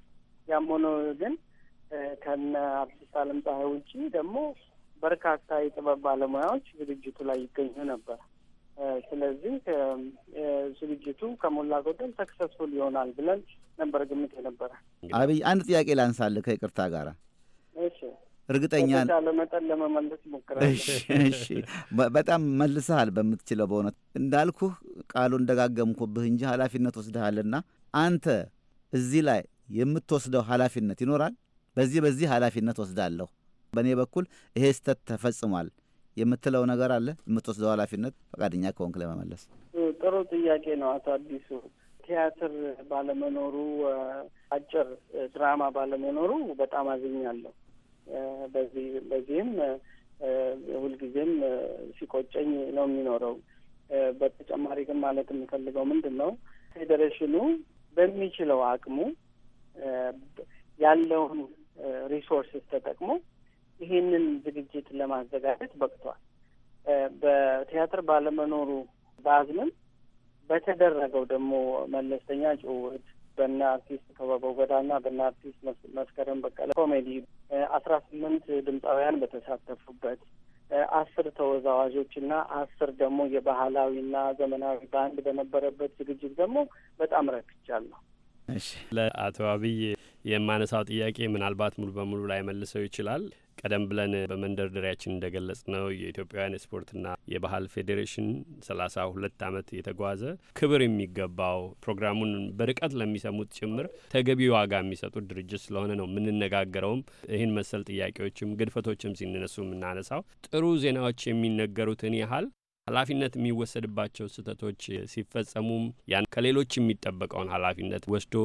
Speaker 6: ያም ሆኖ ግን ከነ አርቲስት አለምጣ ውጪ ደግሞ በርካታ የጥበብ ባለሙያዎች ዝግጅቱ ላይ ይገኙ ነበር። ስለዚህ ዝግጅቱ ከሞላ ጎደል ሰክሰስፉል ይሆናል ብለን ነበር ግምት የነበረ።
Speaker 2: አብይ፣ አንድ ጥያቄ ላንሳልህ ከይቅርታ ጋር እሺ እርግጠኛ
Speaker 8: ለመጠን ለመመለስ
Speaker 2: ሞክራለሁ። በጣም መልሰሃል በምትችለው በእውነት እንዳልኩህ ቃሉ እንደጋገምኩብህ እንጂ ኃላፊነት ወስደሃልና አንተ እዚህ ላይ የምትወስደው ኃላፊነት ይኖራል። በዚህ በዚህ ኃላፊነት ወስዳለሁ፣ በእኔ በኩል ይሄ ስህተት ተፈጽሟል የምትለው ነገር አለ? የምትወስደው ኃላፊነት ፈቃደኛ ከሆንክ ለመመለስ።
Speaker 6: ጥሩ ጥያቄ ነው አቶ አዲሱ። ቲያትር ባለመኖሩ አጭር ድራማ ባለመኖሩ በጣም አዝኛለሁ። በዚህ በዚህም ሁልጊዜም ሲቆጨኝ ነው የሚኖረው። በተጨማሪ ግን ማለት የምፈልገው ምንድን ነው ፌዴሬሽኑ በሚችለው አቅሙ ያለውን ሪሶርስስ ተጠቅሞ ይህንን ዝግጅት ለማዘጋጀት በቅቷል። በቲያትር ባለመኖሩ በአዝምም በተደረገው ደግሞ መለስተኛ ጭውውት በእነ አርቲስት ከበበው ገዳና በእነ አርቲስት መስከረም በቀለ ኮሜዲ አስራ ስምንት ድምፃውያን በተሳተፉበት አስር ተወዛዋዦች እና አስር ደግሞ የባህላዊና ዘመናዊ ባንድ በነበረበት ዝግጅት ደግሞ በጣም ረክቻለሁ።
Speaker 3: እሺ፣ ለአቶ አብይ የማነሳው ጥያቄ ምናልባት ሙሉ በሙሉ ላይ መልሰው ይችላል ቀደም ብለን በመንደርደሪያችን እንደገለጽ ነው የኢትዮጵያውያን የስፖርትና የባህል ፌዴሬሽን ሰላሳ ሁለት ዓመት የተጓዘ ክብር የሚገባው ፕሮግራሙን በርቀት ለሚሰሙት ጭምር ተገቢ ዋጋ የሚሰጡት ድርጅት ስለሆነ ነው የምንነጋገረውም። ይህን መሰል ጥያቄዎችም ግድፈቶችም ሲነሱ የምናነሳው ጥሩ ዜናዎች የሚነገሩትን ያህል ኃላፊነት የሚወሰድባቸው ስህተቶች ሲፈጸሙም ያን ከሌሎች የሚጠበቀውን ኃላፊነት ወስዶ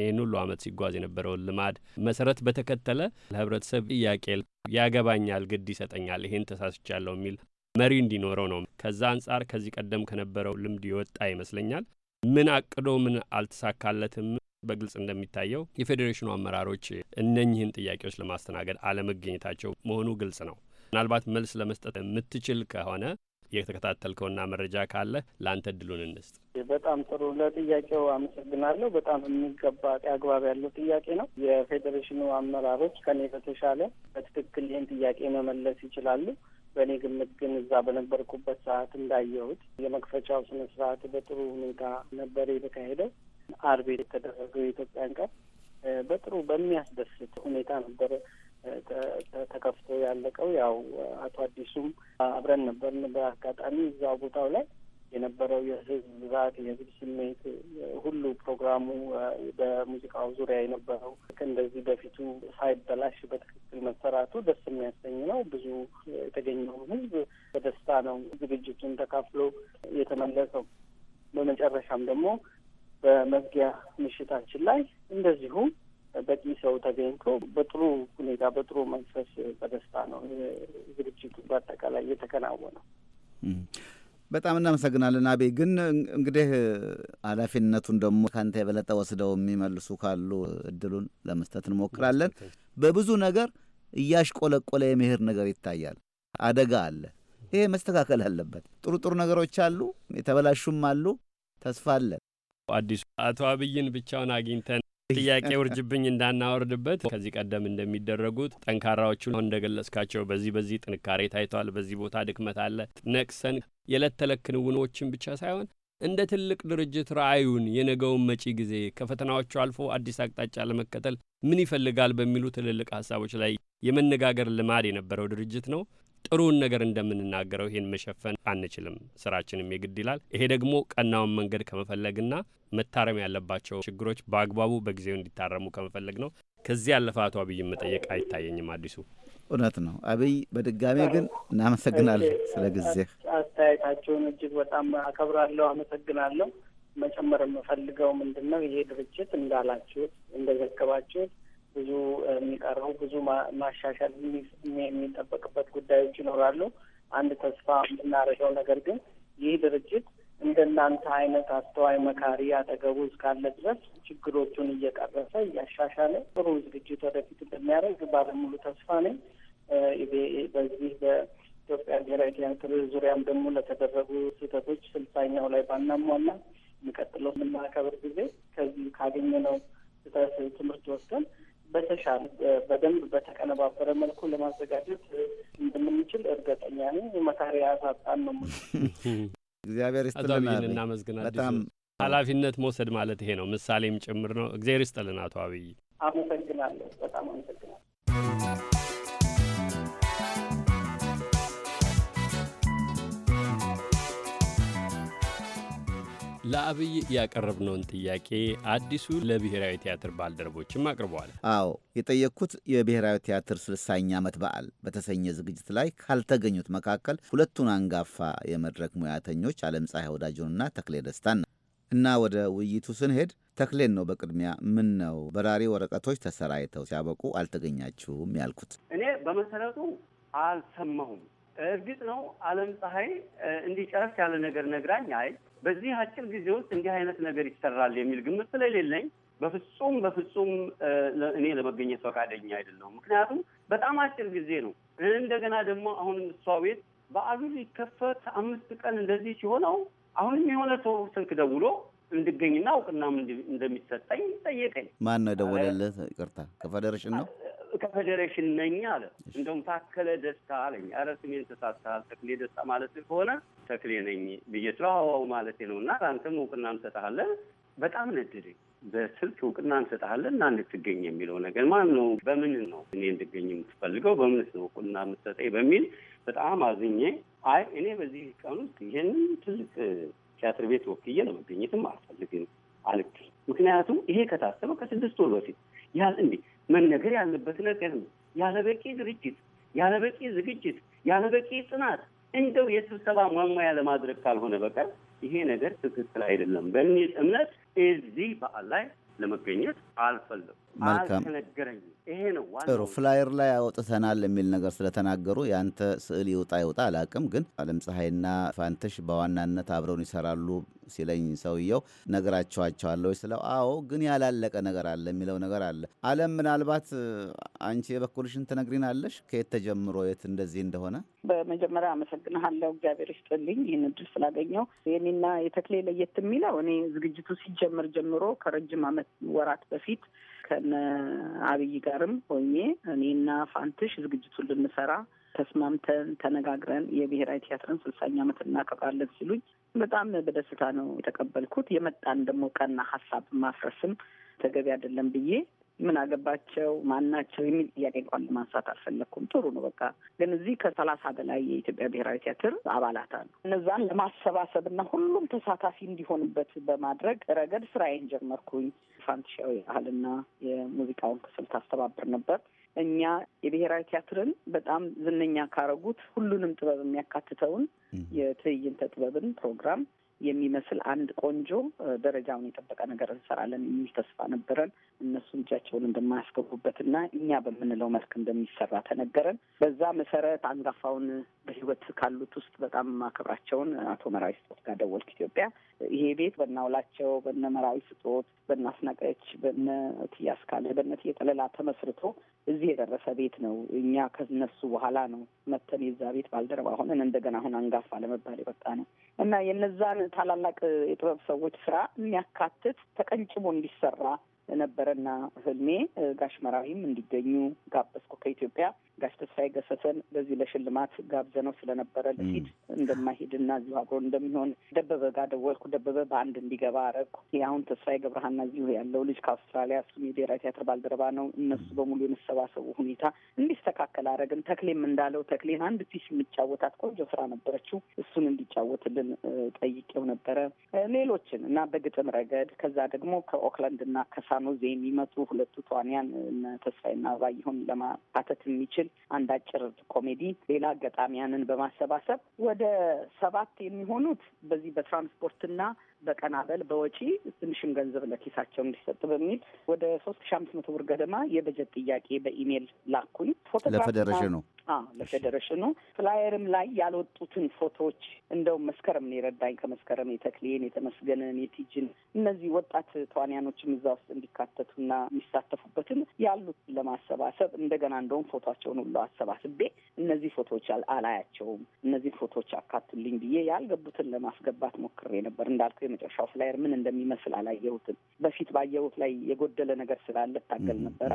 Speaker 3: ይህን ሁሉ ዓመት ሲጓዝ የነበረውን ልማድ መሰረት በተከተለ ለህብረተሰብ ጥያቄ ያገባኛል፣ ግድ ይሰጠኛል፣ ተሳስቻ ተሳስቻለሁ የሚል መሪ እንዲኖረው ነው። ከዛ አንጻር ከዚህ ቀደም ከነበረው ልምድ የወጣ ይመስለኛል። ምን አቅዶ ምን አልተሳካለትም በግልጽ እንደሚታየው የፌዴሬሽኑ አመራሮች እነኝህን ጥያቄዎች ለማስተናገድ አለመገኘታቸው መሆኑ ግልጽ ነው። ምናልባት መልስ ለመስጠት የምትችል ከሆነ የተከታተልከውና መረጃ ካለ ለአንተ እድሉን እንስጥ።
Speaker 6: በጣም ጥሩ ለጥያቄው አመሰግናለሁ። በጣም የሚገባ አግባብ ያለው ጥያቄ ነው። የፌዴሬሽኑ አመራሮች ከኔ በተሻለ በትክክል ይህን ጥያቄ መመለስ ይችላሉ። በእኔ ግምት ግን እዛ በነበርኩበት ሰዓት እንዳየሁት የመክፈቻው ስነ ስርዓት በጥሩ ሁኔታ ነበር የተካሄደው። አርብ የተደረገው የኢትዮጵያን ቀን በጥሩ በሚያስደስት ሁኔታ ነበረ ተከፍቶ ያለቀው። ያው አቶ አዲሱም አብረን ነበርን። በአጋጣሚ እዛው ቦታው ላይ የነበረው የህዝብ ብዛት፣ የህዝብ ስሜት ሁሉ ፕሮግራሙ በሙዚቃው ዙሪያ የነበረው እንደዚህ በፊቱ ሳይበላሽ በትክክል መሰራቱ ደስ የሚያሰኝ ነው። ብዙ የተገኘውን ህዝብ በደስታ ነው ዝግጅቱን ተካፍሎ የተመለሰው። በመጨረሻም ደግሞ በመዝጊያ ምሽታችን ላይ እንደዚሁ በቂ ሰው ተገኝቶ በጥሩ ሁኔታ በጥሩ መንፈስ በደስታ ነው ዝግጅቱ በአጠቃላይ
Speaker 9: እየተከናወነው።
Speaker 2: በጣም እናመሰግናለን። አቤ ግን እንግዲህ ኃላፊነቱን ደግሞ ከአንተ የበለጠ ወስደው የሚመልሱ ካሉ እድሉን ለመስጠት እንሞክራለን። በብዙ ነገር እያሽቆለቆለ የመሄድ ነገር ይታያል። አደጋ አለ። ይሄ መስተካከል አለበት። ጥሩ ጥሩ ነገሮች አሉ፣ የተበላሹም አሉ። ተስፋ አለ
Speaker 3: አዲሱ አቶ አብይን ብቻውን አግኝተን ጥያቄ ውርጅብኝ እንዳናወርድበት ከዚህ ቀደም እንደሚደረጉት ጠንካራዎቹ እንደገለጽካቸው በዚህ በዚህ ጥንካሬ ታይተዋል፣ በዚህ ቦታ ድክመት አለ ነቅሰን የዕለት ተዕለት ክንውኖችን ብቻ ሳይሆን እንደ ትልቅ ድርጅት ራዕዩን የነገውን መጪ ጊዜ ከፈተናዎቹ አልፎ አዲስ አቅጣጫ ለመከተል ምን ይፈልጋል በሚሉ ትልልቅ ሀሳቦች ላይ የመነጋገር ልማድ የነበረው ድርጅት ነው። ጥሩውን ነገር እንደምንናገረው ይህን መሸፈን አንችልም፣ ስራችንም የግድ ይላል። ይሄ ደግሞ ቀናውን መንገድ ከመፈለግና መታረም ያለባቸው ችግሮች በአግባቡ በጊዜው እንዲታረሙ ከመፈለግ ነው። ከዚህ ያለፈ አቶ አብይን መጠየቅ አይታየኝም። አዲሱ
Speaker 2: እውነት ነው። አብይ በድጋሜ ግን እናመሰግናለን ስለ ጊዜ
Speaker 6: አስተያየታቸውን እጅግ በጣም አከብራለሁ። አመሰግናለሁ። መጨመር የምፈልገው ምንድን ነው ይሄ ድርጅት እንዳላችሁት እንደዘገባችሁት ብዙ የሚቀረው ብዙ ማሻሻል የሚጠበቅበት ጉዳዮች ይኖራሉ። አንድ ተስፋ የምናረገው ነገር ግን ይህ ድርጅት እንደናንተ አይነት አስተዋይ መካሪ አጠገቡ እስካለ ድረስ ችግሮቹን እየቀረፈ እያሻሻለ ጥሩ ዝግጅት ወደፊት እንደሚያደርግ ባለሙሉ ተስፋ ነኝ። በዚህ በኢትዮጵያ ብሔራዊ ቲያትር ዙሪያም ደግሞ ለተደረጉ ስህተቶች ስልሳኛው ላይ ባናሟላ የሚቀጥለው የምናከብር ጊዜ ከዚህ ካገኘነው ስህተት ትምህርት ወስደን በተሻለ በደንብ በተቀነባበረ መልኩ ለማዘጋጀት እንደምንችል እርግጠኛ ነኝ። መካሪያ ያሳጣን ነው።
Speaker 2: እግዚአብሔር ይስጥልናል። እናመስግናል። በጣም
Speaker 3: ኃላፊነት መውሰድ ማለት ይሄ ነው። ምሳሌም ጭምር ነው። እግዚአብሔር ይስጥልን አቶ አብይ።
Speaker 6: አመሰግናለሁ። በጣም አመሰግናለሁ።
Speaker 3: ለአብይ ያቀረብነውን ጥያቄ አዲሱ ለብሔራዊ ቲያትር ባልደረቦችም አቅርበዋል።
Speaker 2: አዎ የጠየቅኩት የብሔራዊ ቲያትር ስልሳኛ ዓመት በዓል በተሰኘ ዝግጅት ላይ ካልተገኙት መካከል ሁለቱን አንጋፋ የመድረክ ሙያተኞች አለም ፀሐይ ወዳጆንና ተክሌ ደስታን ነው። እና ወደ ውይይቱ ስንሄድ ተክሌን ነው በቅድሚያ ምን ነው በራሪ ወረቀቶች ተሰራይተው ሲያበቁ አልተገኛችሁም ያልኩት።
Speaker 4: እኔ በመሰረቱ አልሰማሁም እርግጥ ነው አለም ፀሐይ እንዲጨርስ ያለ ነገር ነግራኝ፣ አይ በዚህ አጭር ጊዜ ውስጥ እንዲህ አይነት ነገር ይሰራል የሚል ግምት ስለሌለኝ በፍጹም በፍጹም እኔ ለመገኘት ፈቃደኛ አይደለሁም። ምክንያቱም በጣም አጭር ጊዜ ነው። እንደገና ደግሞ አሁን እሷ ቤት በዓሉ ይከፈት አምስት ቀን እንደዚህ ሲሆነው አሁንም የሆነ ሰው ስልክ ደውሎ እንድገኝና እውቅናም እንደሚሰጠኝ ጠየቀኝ።
Speaker 2: ማን ነው የደወለልህ? ይቅርታ ከፌዴሬሽን ነው
Speaker 4: ከፌዴሬሽን ነኝ አለ። እንደውም ታከለ ደስታ አለኝ። አረ ስሜን ተሳስተሃል፣ ተክሌ ደስታ ማለት ከሆነ ተክሌ ነኝ ብዬ ስለዋዋው ማለት ነው። እና ለአንተም እውቅና እንሰጥሃለን። በጣም ነደደኝ። በስልክ እውቅና እንሰጥሃለን እና እንድትገኝ የሚለው ነገር ማን ነው? በምን ነው እኔ እንድገኝ የምትፈልገው? በምንስ ነው እውቅና የምትሰጠኝ? በሚል በጣም አዝኜ አይ እኔ በዚህ ቀን ውስጥ ይህንን ትልቅ ቲያትር ቤት ወክዬ ለመገኘትም አልፈልግም አልክ። ምክንያቱም ይሄ ከታሰበ ከስድስት ወር በፊት ያህል እንዴ መነገር ያለበት ነገር ነው። ያለበቂ ድርጅት፣ ያለበቂ ዝግጅት፣ ያለበቂ ጥናት እንደው የስብሰባ ማሟያ ለማድረግ ካልሆነ በቀር ይሄ ነገር ትክክል አይደለም በሚል እምነት እዚህ በዓል ላይ ለመገኘት አልፈለጉም። አልተነገረኝም። ይሄ ነው ጥሩ።
Speaker 2: ፍላየር ላይ አውጥተናል የሚል ነገር ስለተናገሩ ያንተ ስዕል ይውጣ ይውጣ አላቅም፣ ግን አለም ፀሐይና ፋንተሽ በዋናነት አብረውን ይሰራሉ ሲለኝ ሰውየው ነግራቸዋቸዋለሁ ስለው፣ አዎ ግን ያላለቀ ነገር አለ የሚለው ነገር አለ። አለም ምናልባት አንቺ የበኩልሽን ትነግሪናለሽ ከየት ተጀምሮ የት እንደዚህ እንደሆነ።
Speaker 10: በመጀመሪያ አመሰግናለሁ። እግዚአብሔር ይስጥልኝ ይህን እድል ስላገኘው። የኔና የተክሌ ለየት የሚለው እኔ ዝግጅቱ ሲጀምር ጀምሮ ከረጅም አመት ወራት በፊት ከነ አብይ ጋርም ሆኜ እኔና ፋንትሽ ዝግጅቱን ልንሰራ ተስማምተን ተነጋግረን የብሔራዊ ቲያትርን ስልሳኛ ዓመት እናከብራለን ሲሉኝ በጣም በደስታ ነው የተቀበልኩት። የመጣን ደግሞ ቀና ሀሳብ ማፍረስም ተገቢ አይደለም ብዬ ምን አገባቸው ማናቸው የሚል ጥያቄ እንኳን ለማንሳት አልፈለግኩም። ጥሩ ነው በቃ ግን እዚህ ከሰላሳ በላይ የኢትዮጵያ ብሔራዊ ቲያትር አባላት አሉ። እነዛን ለማሰባሰብ እና ሁሉም ተሳታፊ እንዲሆንበት በማድረግ ረገድ ስራዬን ጀመርኩኝ። ፋንትሻዊ ባህልና የሙዚቃውን ክፍል ታስተባብር ነበር። እኛ የብሔራዊ ቲያትርን በጣም ዝነኛ ካረጉት ሁሉንም ጥበብ የሚያካትተውን የትዕይንተ ጥበብን ፕሮግራም የሚመስል አንድ ቆንጆ ደረጃውን የጠበቀ ነገር እንሰራለን የሚል ተስፋ ነበረን። እነሱ እጃቸውን እንደማያስገቡበትና እኛ በምንለው መልክ እንደሚሰራ ተነገረን። በዛ መሰረት አንጋፋውን በህይወት ካሉት ውስጥ በጣም ማከብራቸውን አቶ መራዊ ስጦት ጋር ደወልክ ኢትዮጵያ ይሄ ቤት በናውላቸው በነ መራዊ ስጦት፣ በነ አስናቀች፣ በነ ትያስካለ፣ በነ ትየጠለላ ተመስርቶ እዚህ የደረሰ ቤት ነው። እኛ ከነሱ በኋላ ነው መተን የዛ ቤት ባልደረባ ሆነን እንደገና አሁን አንጋፋ ለመባል የወጣ ነው እና የነዛን ታላላቅ የጥበብ ሰዎች ስራ የሚያካትት ተቀንጭቦ እንዲሰራ ነበረና ህልሜ። ጋሽመራዊም እንዲገኙ ጋበዝኩ ከኢትዮጵያ ጋሽ ተስፋዬ ገሰሰን በዚህ ለሽልማት ጋብዘነው ስለነበረ ልሂድ እንደማይሄድና እዚሁ አብሮ እንደሚሆን ደበበ ጋር ደወልኩ። ደበበ በአንድ እንዲገባ አረግኩ። አሁን ተስፋዬ ገብረሃና እዚሁ ያለው ልጅ ከአውስትራሊያ እሱም የብሔራዊ ቲያትር ባልደረባ ነው። እነሱ በሙሉ የመሰባሰቡ ሁኔታ እንዲስተካከል አረግን። ተክሌም እንዳለው ተክሌን አንድ ፊሽ የምጫወታት ቆንጆ ስራ ነበረችው። እሱን እንዲጫወትልን ጠይቄው ነበረ። ሌሎችን እና በግጥም ረገድ ከዛ ደግሞ ከኦክላንድ እና ከሳኖዜ የሚመጡ ሁለቱ ተዋንያን ተስፋዬና ባይሆን ለማካተት የሚችል ሰዎችን አንድ አጭር ኮሜዲ፣ ሌላ አጋጣሚያንን በማሰባሰብ ወደ ሰባት የሚሆኑት በዚህ በትራንስፖርትና በቀናበል በወጪ ትንሽም ገንዘብ ለኪሳቸው እንዲሰጥ በሚል ወደ ሶስት ሺ አምስት መቶ ብር ገደማ የበጀት ጥያቄ በኢሜይል ላኩኝ። ፎቶግራፍ ለፌዴሬሽኑ ለፌዴሬሽኑ ፍላየርም ላይ ያልወጡትን ፎቶዎች እንደውም መስከረም ነው የረዳኝ። ከመስከረም የተክሌን፣ የተመስገንን፣ የቲጅን እነዚህ ወጣት ተዋንያኖችም እዛ ውስጥ እንዲካተቱና የሚሳተፉበትን ያሉት ለማሰባሰብ እንደገና እንደውም ፎቶቸውን ሁሉ አሰባስቤ እነዚህ ፎቶዎች አላያቸውም እነዚህ ፎቶዎች አካቱልኝ ብዬ ያልገቡትን ለማስገባት ሞክሬ ነበር። እንዳልከው የመጨረሻው ፍላየር ምን እንደሚመስል አላየሁትም። በፊት ባየሁት ላይ የጎደለ ነገር ስላለ ታገል ነበረ።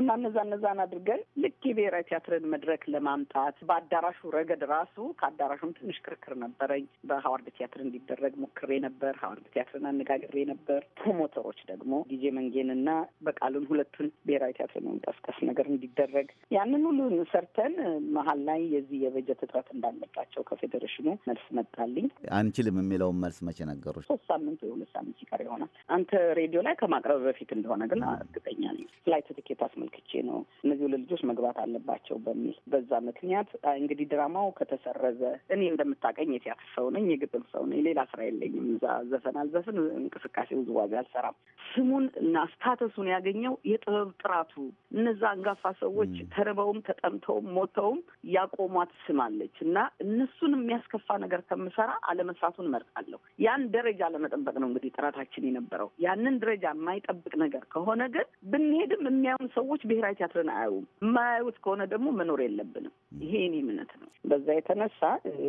Speaker 10: እና እነዛ እነዛን አድርገን ልክ የብሔራዊ ቲያትርን መድረክ ለማምጣት በአዳራሹ ረገድ ራሱ ከአዳራሹም ትንሽ ክርክር ነበረኝ። በሀዋርድ ቲያትር እንዲደረግ ሞክሬ ነበር። ሀዋርድ ቲያትርን አነጋግሬ ነበር። ፕሮሞተሮች ደግሞ ጊዜ መንጌንና በቃሉን ሁለቱን ብሔራዊ ቲያትር መንቀስቀስ ነገር እንዲደረግ ያንን ሁሉ ሰርተን መሀል ላይ የዚህ የበጀት እጥረት እንዳለባቸው ከፌዴሬሽኑ መልስ መጣልኝ።
Speaker 2: አንችልም የሚለውን መልስ መቼ ነገሮች
Speaker 10: ሶስት ሳምንት ወይ ሁለት ሳምንት ሲቀር ይሆናል። አንተ ሬዲዮ ላይ ከማቅረብ በፊት እንደሆነ ግን እርግጠኛ ነኝ። ፍላይት ትኬት አመልክቼ ነው እነዚህ ለልጆች መግባት አለባቸው በሚል በዛ ምክንያት እንግዲህ ድራማው ከተሰረዘ እኔ እንደምታቀኝ የቲያትር ሰው ነኝ፣ የግጥም ሰው ነኝ። ሌላ ስራ የለኝም። እዛ ዘፈን አልዘፍን፣ እንቅስቃሴ ውዝዋዜ አልሰራም። ስሙን እና ስታተሱን ያገኘው የጥበብ ጥራቱ እነዛ አንጋፋ ሰዎች ተርበውም ተጠምተውም ሞተውም ያቆሟት ስም አለች እና እነሱን የሚያስከፋ ነገር ከምሰራ አለመስራቱን መርጣለሁ። ያን ደረጃ ለመጠበቅ ነው እንግዲህ ጥረታችን የነበረው። ያንን ደረጃ የማይጠብቅ ነገር ከሆነ ግን ብንሄድም የሚያዩን ሰዎች ሰዎች ብሔራዊ ቲያትርን አያዩም። የማያዩት ከሆነ ደግሞ መኖር የለብንም። ይሄ እኔ እምነት ነው። በዛ የተነሳ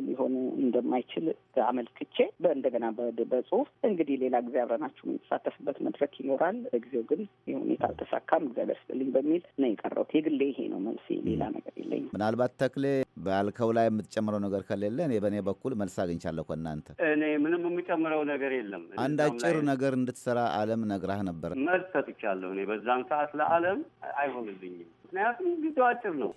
Speaker 10: ሊሆን እንደማይችል አመልክቼ እንደገና በጽሁፍ እንግዲህ ሌላ ጊዜ አብረናችሁ የምንተሳተፍበት መድረክ ይኖራል። ለጊዜው ግን ይህ ሁኔታ አልተሳካም፣ እግዚአብሔር ይስጥልኝ በሚል ነው
Speaker 2: የቀረሁት። የግሌ ይሄ ነው መልስ፣ ሌላ ነገር የለኝም። ምናልባት ተክሌ በአልከው ላይ የምትጨምረው ነገር ከሌለ እኔ በእኔ በኩል መልስ አግኝቻለሁ ከእናንተ።
Speaker 4: እኔ ምንም የሚጨምረው ነገር የለም።
Speaker 2: አንድ አጭር ነገር እንድትሰራ አለም ነግራህ ነበር።
Speaker 4: መልስ ሰጥቻለሁ። እኔ በዛም ሰዓት ለአለም አይሆንልኝም። ምክንያቱም ጊዜው አጭር ነው።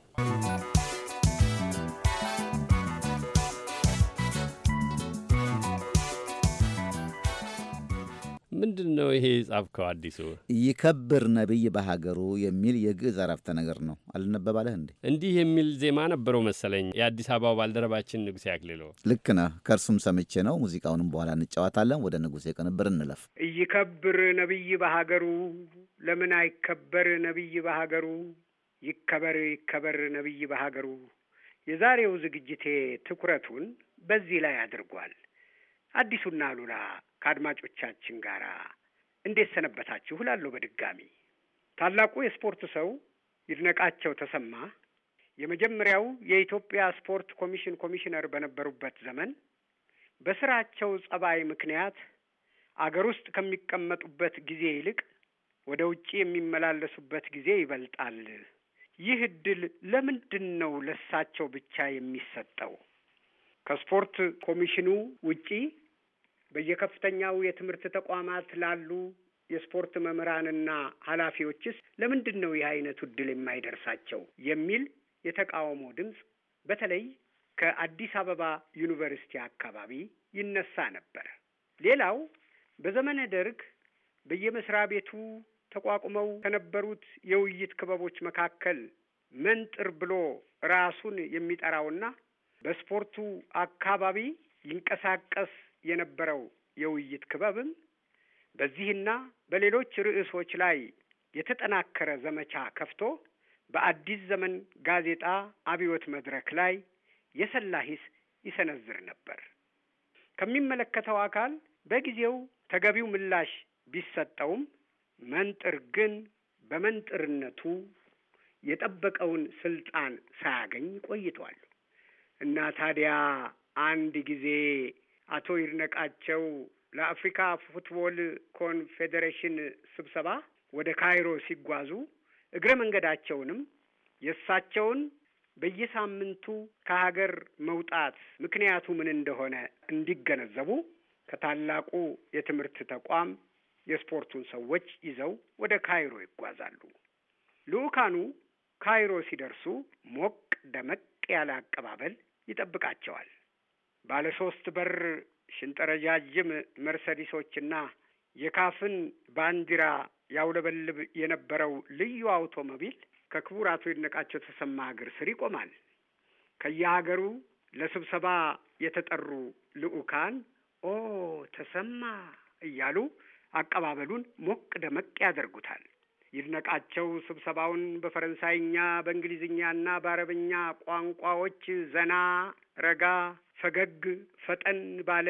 Speaker 3: ምንድን ነው ይሄ የጻፍከው? አዲሱ
Speaker 2: ይከብር ነቢይ በሀገሩ የሚል የግዕዝ አረፍተ ነገር ነው። አልነበባለህ እንዴ?
Speaker 3: እንዲህ የሚል ዜማ ነበረው መሰለኝ የአዲስ አበባ ባልደረባችን ንጉሴ አክሊሎ።
Speaker 2: ልክ ነህ። ከእርሱም ሰምቼ ነው። ሙዚቃውንም በኋላ እንጫወታለን። ወደ ንጉሴ ቅንብር እንለፍ።
Speaker 11: ይከብር ነቢይ በሀገሩ ለምን አይከበር ነቢይ በሀገሩ ይከበር ይከበር ነቢይ በሀገሩ። የዛሬው ዝግጅቴ ትኩረቱን በዚህ ላይ አድርጓል። አዲሱና ሉላ ከአድማጮቻችን ጋር እንዴት ሰነበታችሁ እላለሁ። በድጋሚ ታላቁ የስፖርት ሰው ይድነቃቸው ተሰማ የመጀመሪያው የኢትዮጵያ ስፖርት ኮሚሽን ኮሚሽነር በነበሩበት ዘመን በስራቸው ጸባይ ምክንያት አገር ውስጥ ከሚቀመጡበት ጊዜ ይልቅ ወደ ውጭ የሚመላለሱበት ጊዜ ይበልጣል። ይህ እድል ለምንድን ነው ለሳቸው ብቻ የሚሰጠው? ከስፖርት ኮሚሽኑ ውጪ በየከፍተኛው የትምህርት ተቋማት ላሉ የስፖርት መምህራንና ኃላፊዎችስ ለምንድን ነው ይህ አይነቱ እድል የማይደርሳቸው የሚል የተቃውሞ ድምፅ በተለይ ከአዲስ አበባ ዩኒቨርሲቲ አካባቢ ይነሳ ነበር። ሌላው በዘመነ ደርግ በየመስሪያ ቤቱ ተቋቁመው ከነበሩት የውይይት ክበቦች መካከል መንጥር ብሎ ራሱን የሚጠራውና በስፖርቱ አካባቢ ይንቀሳቀስ የነበረው የውይይት ክበብም በዚህና በሌሎች ርዕሶች ላይ የተጠናከረ ዘመቻ ከፍቶ በአዲስ ዘመን ጋዜጣ አብዮት መድረክ ላይ የሰላ ሂስ ይሰነዝር ነበር። ከሚመለከተው አካል በጊዜው ተገቢው ምላሽ ቢሰጠውም መንጥር ግን በመንጥርነቱ የጠበቀውን ስልጣን ሳያገኝ ቆይቷል እና ታዲያ አንድ ጊዜ አቶ ይድነቃቸው ለአፍሪካ ፉትቦል ኮንፌዴሬሽን ስብሰባ ወደ ካይሮ ሲጓዙ እግረ መንገዳቸውንም የእሳቸውን በየሳምንቱ ከሀገር መውጣት ምክንያቱ ምን እንደሆነ እንዲገነዘቡ ከታላቁ የትምህርት ተቋም የስፖርቱን ሰዎች ይዘው ወደ ካይሮ ይጓዛሉ። ልዑካኑ ካይሮ ሲደርሱ ሞቅ ደመቅ ያለ አቀባበል ይጠብቃቸዋል። ባለ ሶስት በር ሽንጠረጃጅም መርሰዲሶችና የካፍን ባንዲራ ያውለበልብ የነበረው ልዩ አውቶሞቢል ከክቡር አቶ ይድነቃቸው ተሰማ እግር ስር ይቆማል። ከየሀገሩ ለስብሰባ የተጠሩ ልዑካን ኦ ተሰማ እያሉ አቀባበሉን ሞቅ ደመቅ ያደርጉታል። ይድነቃቸው ስብሰባውን በፈረንሳይኛ፣ በእንግሊዝኛና በአረብኛ ቋንቋዎች ዘና ረጋ ፈገግ ፈጠን ባለ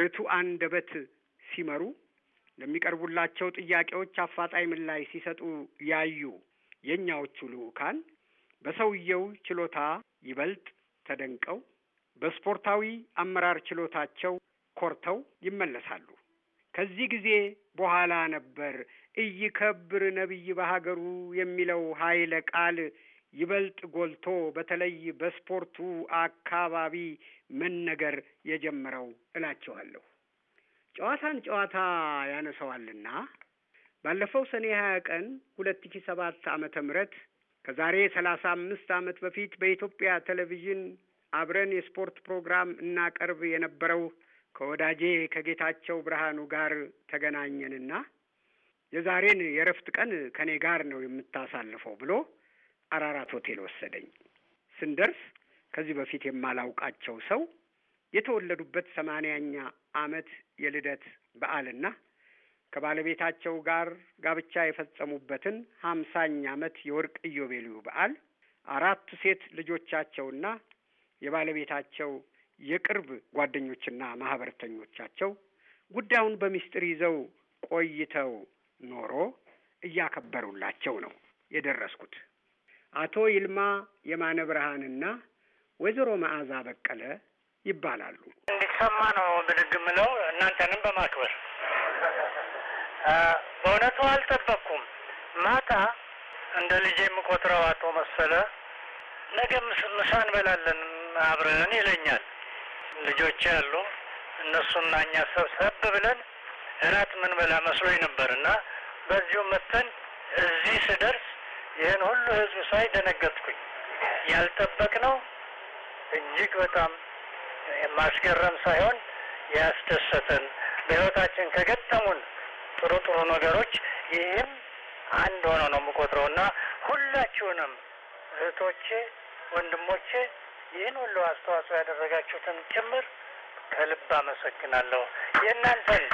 Speaker 11: ርቱ አንደበት ሲመሩ ለሚቀርቡላቸው ጥያቄዎች አፋጣኝ ምላሽ ሲሰጡ ያዩ የእኛዎቹ ልዑካን በሰውየው ችሎታ ይበልጥ ተደንቀው በስፖርታዊ አመራር ችሎታቸው ኮርተው ይመለሳሉ። ከዚህ ጊዜ በኋላ ነበር እይከብር ነቢይ በሀገሩ የሚለው ኃይለ ቃል ይበልጥ ጎልቶ በተለይ በስፖርቱ አካባቢ መነገር የጀመረው እላቸዋለሁ። ጨዋታን ጨዋታ ያነሰዋልና ባለፈው ሰኔ ሀያ ቀን ሁለት ሺ ሰባት አመተ ምህረት ከዛሬ ሰላሳ አምስት አመት በፊት በኢትዮጵያ ቴሌቪዥን አብረን የስፖርት ፕሮግራም እናቀርብ የነበረው ከወዳጄ ከጌታቸው ብርሃኑ ጋር ተገናኘንና የዛሬን የእረፍት ቀን ከእኔ ጋር ነው የምታሳልፈው ብሎ አራራት ሆቴል ወሰደኝ። ስንደርስ ከዚህ በፊት የማላውቃቸው ሰው የተወለዱበት ሰማንያኛ ዓመት የልደት በዓልና ከባለቤታቸው ጋር ጋብቻ የፈጸሙበትን ሀምሳኛ ዓመት የወርቅ ኢዮቤልዩ በዓል አራቱ ሴት ልጆቻቸውና የባለቤታቸው የቅርብ ጓደኞችና ማህበረተኞቻቸው ጉዳዩን በሚስጢር ይዘው ቆይተው ኖሮ እያከበሩላቸው ነው የደረስኩት። አቶ ይልማ የማነ ብርሃንና ወይዘሮ መዓዛ በቀለ
Speaker 1: ይባላሉ። እንዲሰማ ነው ብድግ ምለው እናንተንም በማክበር በእውነቱ አልጠበቅኩም። ማታ እንደ ልጄ የምቆጥረው አቶ መሰለ ነገ ምሳ እንበላለን አብረን ይለኛል። ልጆች ያሉ እነሱና እኛ ሰብሰብ ብለን እራት ምን በላ መስሎኝ ነበር እና በዚሁ መተን እዚህ ስደርስ ይህን ሁሉ ህዝብ ሳይ ደነገጥኩኝ። ያልጠበቅ ነው እጅግ በጣም የማስገረም ሳይሆን ያስደሰተን በህይወታችን ከገጠሙን ጥሩ ጥሩ ነገሮች ይህም አንድ ሆኖ ነው የምቆጥረው እና ሁላችሁንም እህቶቼ፣ ወንድሞቼ ይህን ሁሉ አስተዋጽኦ ያደረጋችሁትን ጭምር ከልብ አመሰግናለሁ። የእናንተን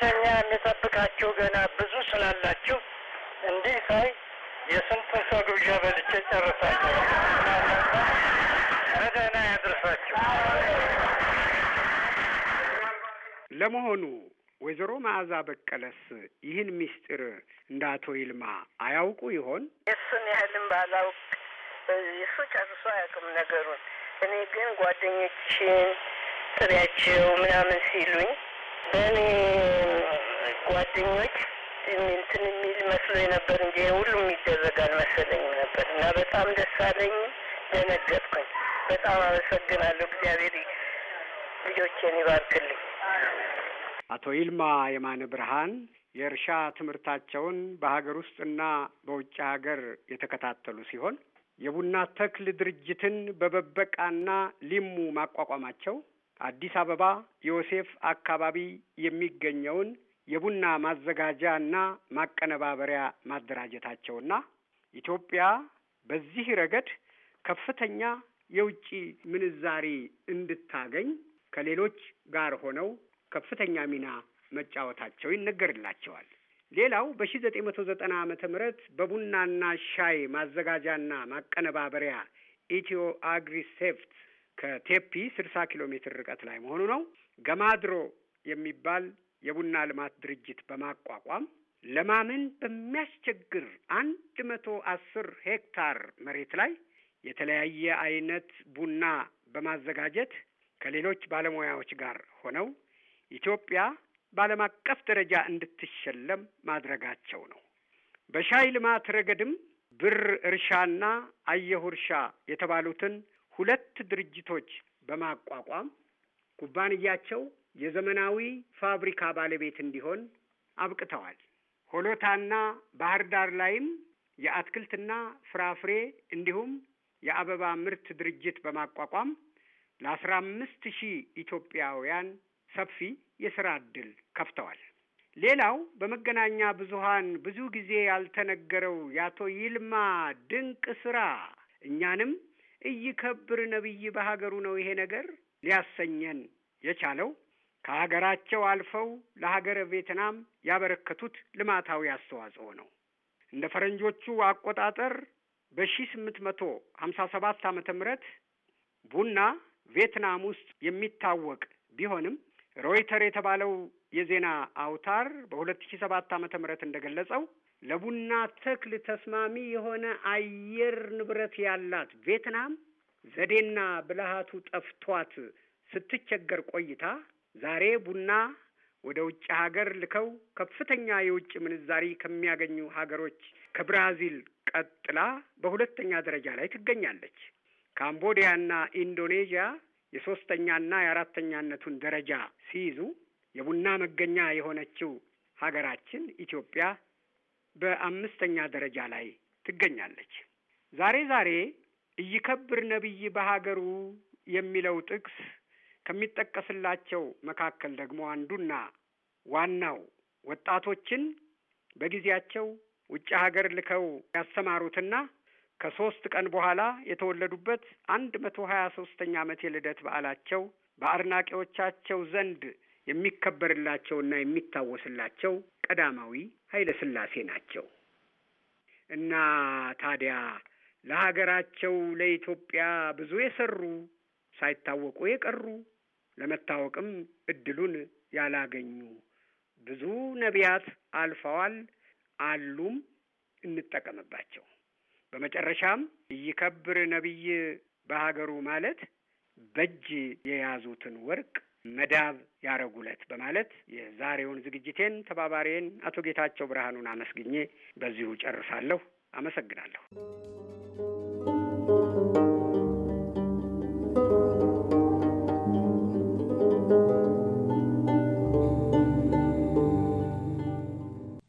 Speaker 1: ከእኛ የሚጠብቃችሁ ገና ብዙ ስላላችሁ እንዲህ ሳይ የስንቱን ሰው ግብዣ በልቼ ጨርሳለሁ። በደህና ያድርሳችሁ።
Speaker 11: ለመሆኑ ወይዘሮ መዓዛ በቀለስ ይህን ምስጢር እንደ አቶ ይልማ አያውቁ ይሆን?
Speaker 1: እሱን ያህልም ባላውቅ እሱ ጨርሶ አያውቅም ነገሩን። እኔ ግን ጓደኞችን ጥሪያቸው ምናምን ሲሉኝ እኔ ጓደኞች እንትን የሚል መስሎ ነበር እንጂ ሁሉም ይደረጋል መሰለኝ ነበር እና በጣም ደስ አለኝ። ደነገጥኩኝ። በጣም አመሰግናለሁ። እግዚአብሔር ልጆቼን ይባርክልኝ።
Speaker 11: አቶ ይልማ የማነ ብርሃን የእርሻ ትምህርታቸውን በሀገር ውስጥና በውጭ ሀገር የተከታተሉ ሲሆን የቡና ተክል ድርጅትን በበበቃና ሊሙ ማቋቋማቸው አዲስ አበባ ዮሴፍ አካባቢ የሚገኘውን የቡና ማዘጋጃ እና ማቀነባበሪያ ማደራጀታቸውና ኢትዮጵያ በዚህ ረገድ ከፍተኛ የውጭ ምንዛሪ እንድታገኝ ከሌሎች ጋር ሆነው ከፍተኛ ሚና መጫወታቸው ይነገርላቸዋል። ሌላው በሺ ዘጠኝ መቶ ዘጠና ዓመተ ምህረት በቡናና ሻይ ማዘጋጃና ማቀነባበሪያ ኢትዮ አግሪ ሴፍት ከቴፒ ስልሳ ኪሎ ሜትር ርቀት ላይ መሆኑ ነው። ገማድሮ የሚባል የቡና ልማት ድርጅት በማቋቋም ለማመን በሚያስቸግር አንድ መቶ አስር ሄክታር መሬት ላይ የተለያየ አይነት ቡና በማዘጋጀት ከሌሎች ባለሙያዎች ጋር ሆነው ኢትዮጵያ በዓለም አቀፍ ደረጃ እንድትሸለም ማድረጋቸው ነው። በሻይ ልማት ረገድም ብር እርሻና አየሁ እርሻ የተባሉትን ሁለት ድርጅቶች በማቋቋም ኩባንያቸው የዘመናዊ ፋብሪካ ባለቤት እንዲሆን አብቅተዋል። ሆሎታና ባህር ዳር ላይም የአትክልትና ፍራፍሬ እንዲሁም የአበባ ምርት ድርጅት በማቋቋም ለአስራ አምስት ሺህ ኢትዮጵያውያን ሰፊ የስራ ዕድል ከፍተዋል። ሌላው በመገናኛ ብዙሃን ብዙ ጊዜ ያልተነገረው የአቶ ይልማ ድንቅ ስራ እኛንም እይከብር ነቢይ በሀገሩ ነው ይሄ ነገር ሊያሰኘን የቻለው ከሀገራቸው አልፈው ለሀገረ ቬትናም ያበረከቱት ልማታዊ አስተዋጽኦ ነው። እንደ ፈረንጆቹ አቆጣጠር በሺ ስምንት መቶ ሀምሳ ሰባት ዓመተ ምህረት ቡና ቬትናም ውስጥ የሚታወቅ ቢሆንም ሮይተር የተባለው የዜና አውታር በሁለት ሺ ሰባት ዓመተ ምህረት እንደገለጸው ለቡና ተክል ተስማሚ የሆነ አየር ንብረት ያላት ቬትናም ዘዴና ብልሃቱ ጠፍቷት ስትቸገር ቆይታ ዛሬ ቡና ወደ ውጭ ሀገር ልከው ከፍተኛ የውጭ ምንዛሪ ከሚያገኙ ሀገሮች ከብራዚል ቀጥላ በሁለተኛ ደረጃ ላይ ትገኛለች። ካምቦዲያና ኢንዶኔዥያ የሶስተኛና የአራተኛነቱን ደረጃ ሲይዙ የቡና መገኛ የሆነችው ሀገራችን ኢትዮጵያ በአምስተኛ ደረጃ ላይ ትገኛለች። ዛሬ ዛሬ እይከብር ነቢይ በሀገሩ የሚለው ጥቅስ ከሚጠቀስላቸው መካከል ደግሞ አንዱና ዋናው ወጣቶችን በጊዜያቸው ውጭ ሀገር ልከው ያስተማሩትና ከሶስት ቀን በኋላ የተወለዱበት አንድ መቶ ሀያ ሶስተኛ ዓመት የልደት በዓላቸው በአድናቂዎቻቸው ዘንድ የሚከበርላቸውና የሚታወስላቸው ቀዳማዊ ኃይለ ሥላሴ ናቸው እና ታዲያ ለሀገራቸው ለኢትዮጵያ ብዙ የሰሩ ሳይታወቁ የቀሩ ለመታወቅም እድሉን ያላገኙ ብዙ ነቢያት አልፈዋል፣ አሉም። እንጠቀምባቸው። በመጨረሻም ይከብር ነቢይ በሀገሩ ማለት በእጅ የያዙትን ወርቅ መዳብ ያረጉለት በማለት
Speaker 1: የዛሬውን
Speaker 11: ዝግጅቴን ተባባሪዬን አቶ ጌታቸው ብርሃኑን አመስግኜ በዚሁ ጨርሳለሁ። አመሰግናለሁ።